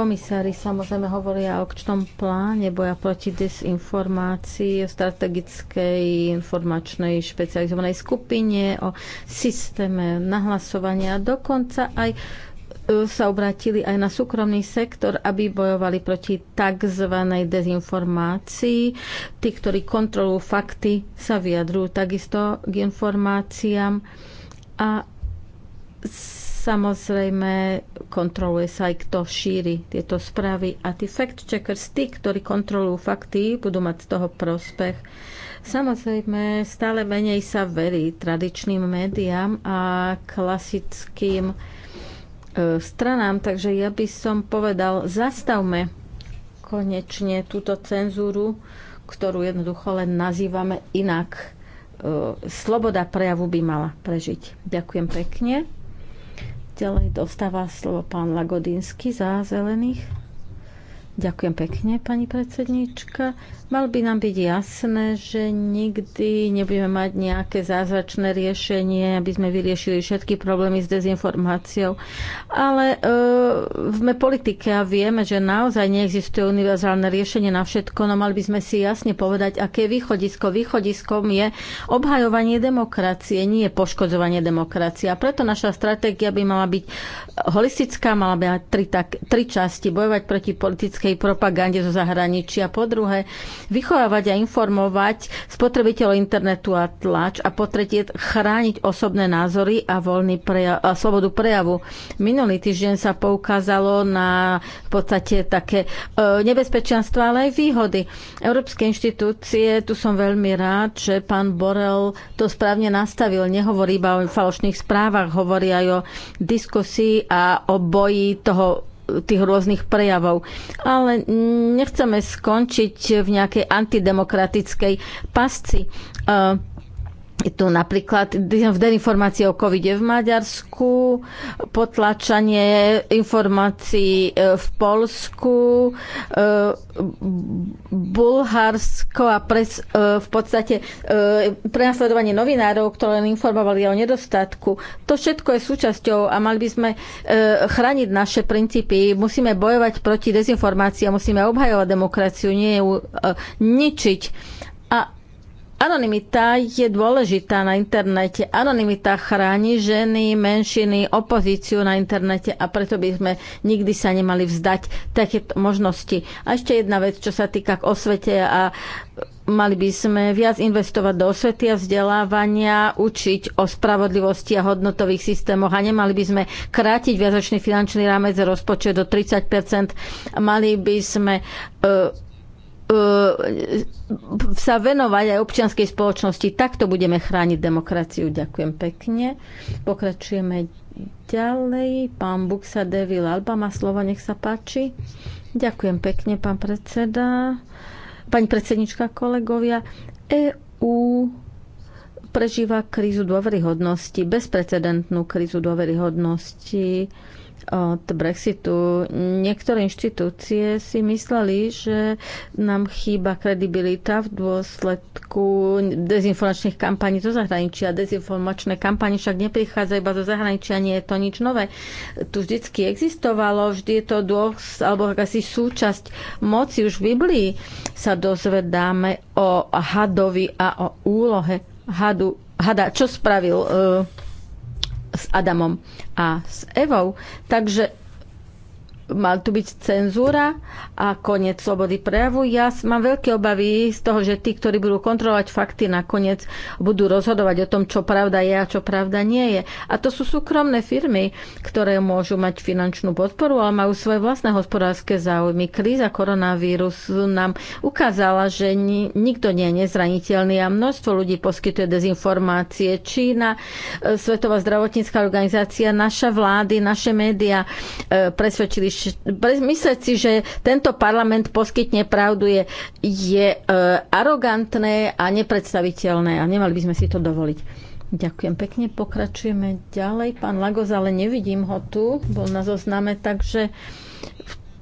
[SPEAKER 1] komisári samozrejme hovoria o kčnom pláne boja proti disinformácii, o strategickej informačnej špecializovanej skupine, o systéme nahlasovania a dokonca aj e, sa obratili aj na súkromný sektor, aby bojovali proti tzv. dezinformácii. Tí, ktorí kontrolujú fakty, sa vyjadrujú takisto k informáciám a Samozrejme, kontroluje sa aj kto šíri tieto správy a tí fact-checkers, tí, ktorí kontrolujú fakty, budú mať z toho prospech. Samozrejme, stále menej sa verí tradičným médiám a klasickým e, stranám, takže ja by som povedal, zastavme konečne túto cenzúru, ktorú jednoducho len nazývame inak. E, sloboda prejavu by mala prežiť. Ďakujem pekne. Ďalej dostáva slovo pán Lagodinsky za zelených. Ďakujem pekne, pani predsednička. Mal by nám byť jasné, že nikdy nebudeme mať nejaké zázračné riešenie, aby sme vyriešili všetky problémy s dezinformáciou. Ale e, sme politike a vieme, že naozaj neexistuje univerzálne riešenie na všetko, no mali by sme si jasne povedať, aké východisko. Východiskom je obhajovanie demokracie, nie poškodzovanie demokracie. A preto naša stratégia by mala byť holistická, mala by mať tri, tak, tri časti. Bojovať proti politickej propagande zo zahraničia. Po druhé, vychovávať a informovať spotrebiteľov internetu a tlač a po tretie chrániť osobné názory a, voľný prejav, a slobodu prejavu. Minulý týždeň sa poukázalo na v podstate také e, nebezpečenstva, ale aj výhody. Európske inštitúcie, tu som veľmi rád, že pán Borel to správne nastavil. Nehovorí iba o falošných správach, hovorí aj o diskusii a o boji toho tých rôznych prejavov. Ale nechceme skončiť v nejakej antidemokratickej pasci je tu napríklad informácie o covide v Maďarsku, potlačanie informácií e, v Polsku, e, Bulharsko a pres, e, v podstate prenasledovanie novinárov, ktoré len informovali o nedostatku. To všetko je súčasťou a mali by sme chrániť naše princípy. Musíme bojovať proti dezinformácii a musíme obhajovať demokraciu, nie ju ničiť Anonymita je dôležitá na internete. Anonymita chráni ženy, menšiny, opozíciu na internete a preto by sme nikdy sa nemali vzdať takéto možnosti. A ešte jedna vec, čo sa týka k osvete a mali by sme viac investovať do osvety a vzdelávania, učiť o spravodlivosti a hodnotových systémoch a nemali by sme krátiť viazočný finančný rámec rozpočet do 30 Mali by sme uh, E, sa venovať aj občianskej spoločnosti. Takto budeme chrániť demokraciu. Ďakujem pekne. Pokračujeme ďalej. Pán Buxa Devil Alba má slovo, nech sa páči. Ďakujem pekne, pán predseda. Pani predsednička, kolegovia. EU prežíva krízu dôveryhodnosti, bezprecedentnú krízu dôveryhodnosti od Brexitu. Niektoré inštitúcie si mysleli, že nám chýba kredibilita v dôsledku dezinformačných kampaní zo zahraničia. Dezinformačné kampane však neprichádzajú iba zo zahraničia, nie je to nič nové. Tu vždycky existovalo, vždy je to dôs, alebo asi súčasť moci. Už v Biblii sa dozvedáme o hadovi a o úlohe hadu, hada, čo spravil uh, s Adamom a s Evou. Takže mal tu byť cenzúra a koniec slobody prejavu. Ja mám veľké obavy z toho, že tí, ktorí budú kontrolovať fakty, nakoniec budú rozhodovať o tom, čo pravda je a čo pravda nie je. A to sú súkromné firmy, ktoré môžu mať finančnú podporu, ale majú svoje vlastné hospodárske záujmy. Kríza koronavírus nám ukázala, že ni- nikto nie je nezraniteľný a množstvo ľudí poskytuje dezinformácie. Čína, e, Svetová zdravotnícká organizácia, naša vlády, naše médiá e, presvedčili Myslieť si, že tento parlament poskytne pravdu je, je e, arogantné a nepredstaviteľné a nemali by sme si to dovoliť. Ďakujem pekne, pokračujeme ďalej. Pán Lagoz, ale nevidím ho tu, bol na zozname, takže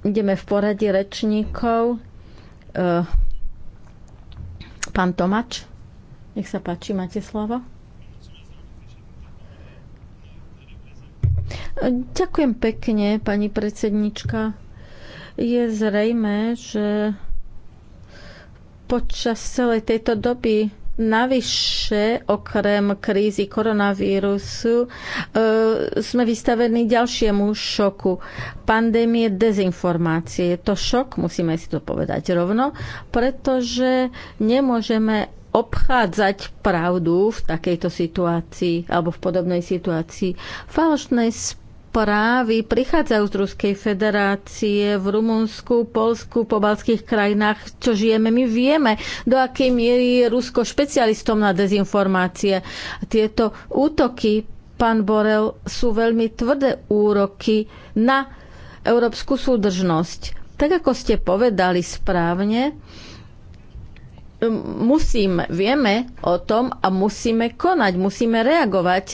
[SPEAKER 1] ideme v poradí rečníkov. E, pán Tomač, nech sa páči, máte slovo. Ďakujem pekne, pani predsednička. Je zrejme, že počas celej tejto doby Navyše, okrem krízy koronavírusu, e, sme vystavení ďalšiemu šoku. Pandémie dezinformácie. Je to šok, musíme si to povedať rovno, pretože nemôžeme obchádzať pravdu v takejto situácii alebo v podobnej situácii. Falošné správy prichádzajú z Ruskej federácie v Rumunsku, Polsku, po balských krajinách, čo žijeme. My vieme, do akej miery je Rusko špecialistom na dezinformácie. Tieto útoky, pán Borel, sú veľmi tvrdé úroky na európsku súdržnosť. Tak ako ste povedali správne, Musím, vieme o tom a musíme konať, musíme reagovať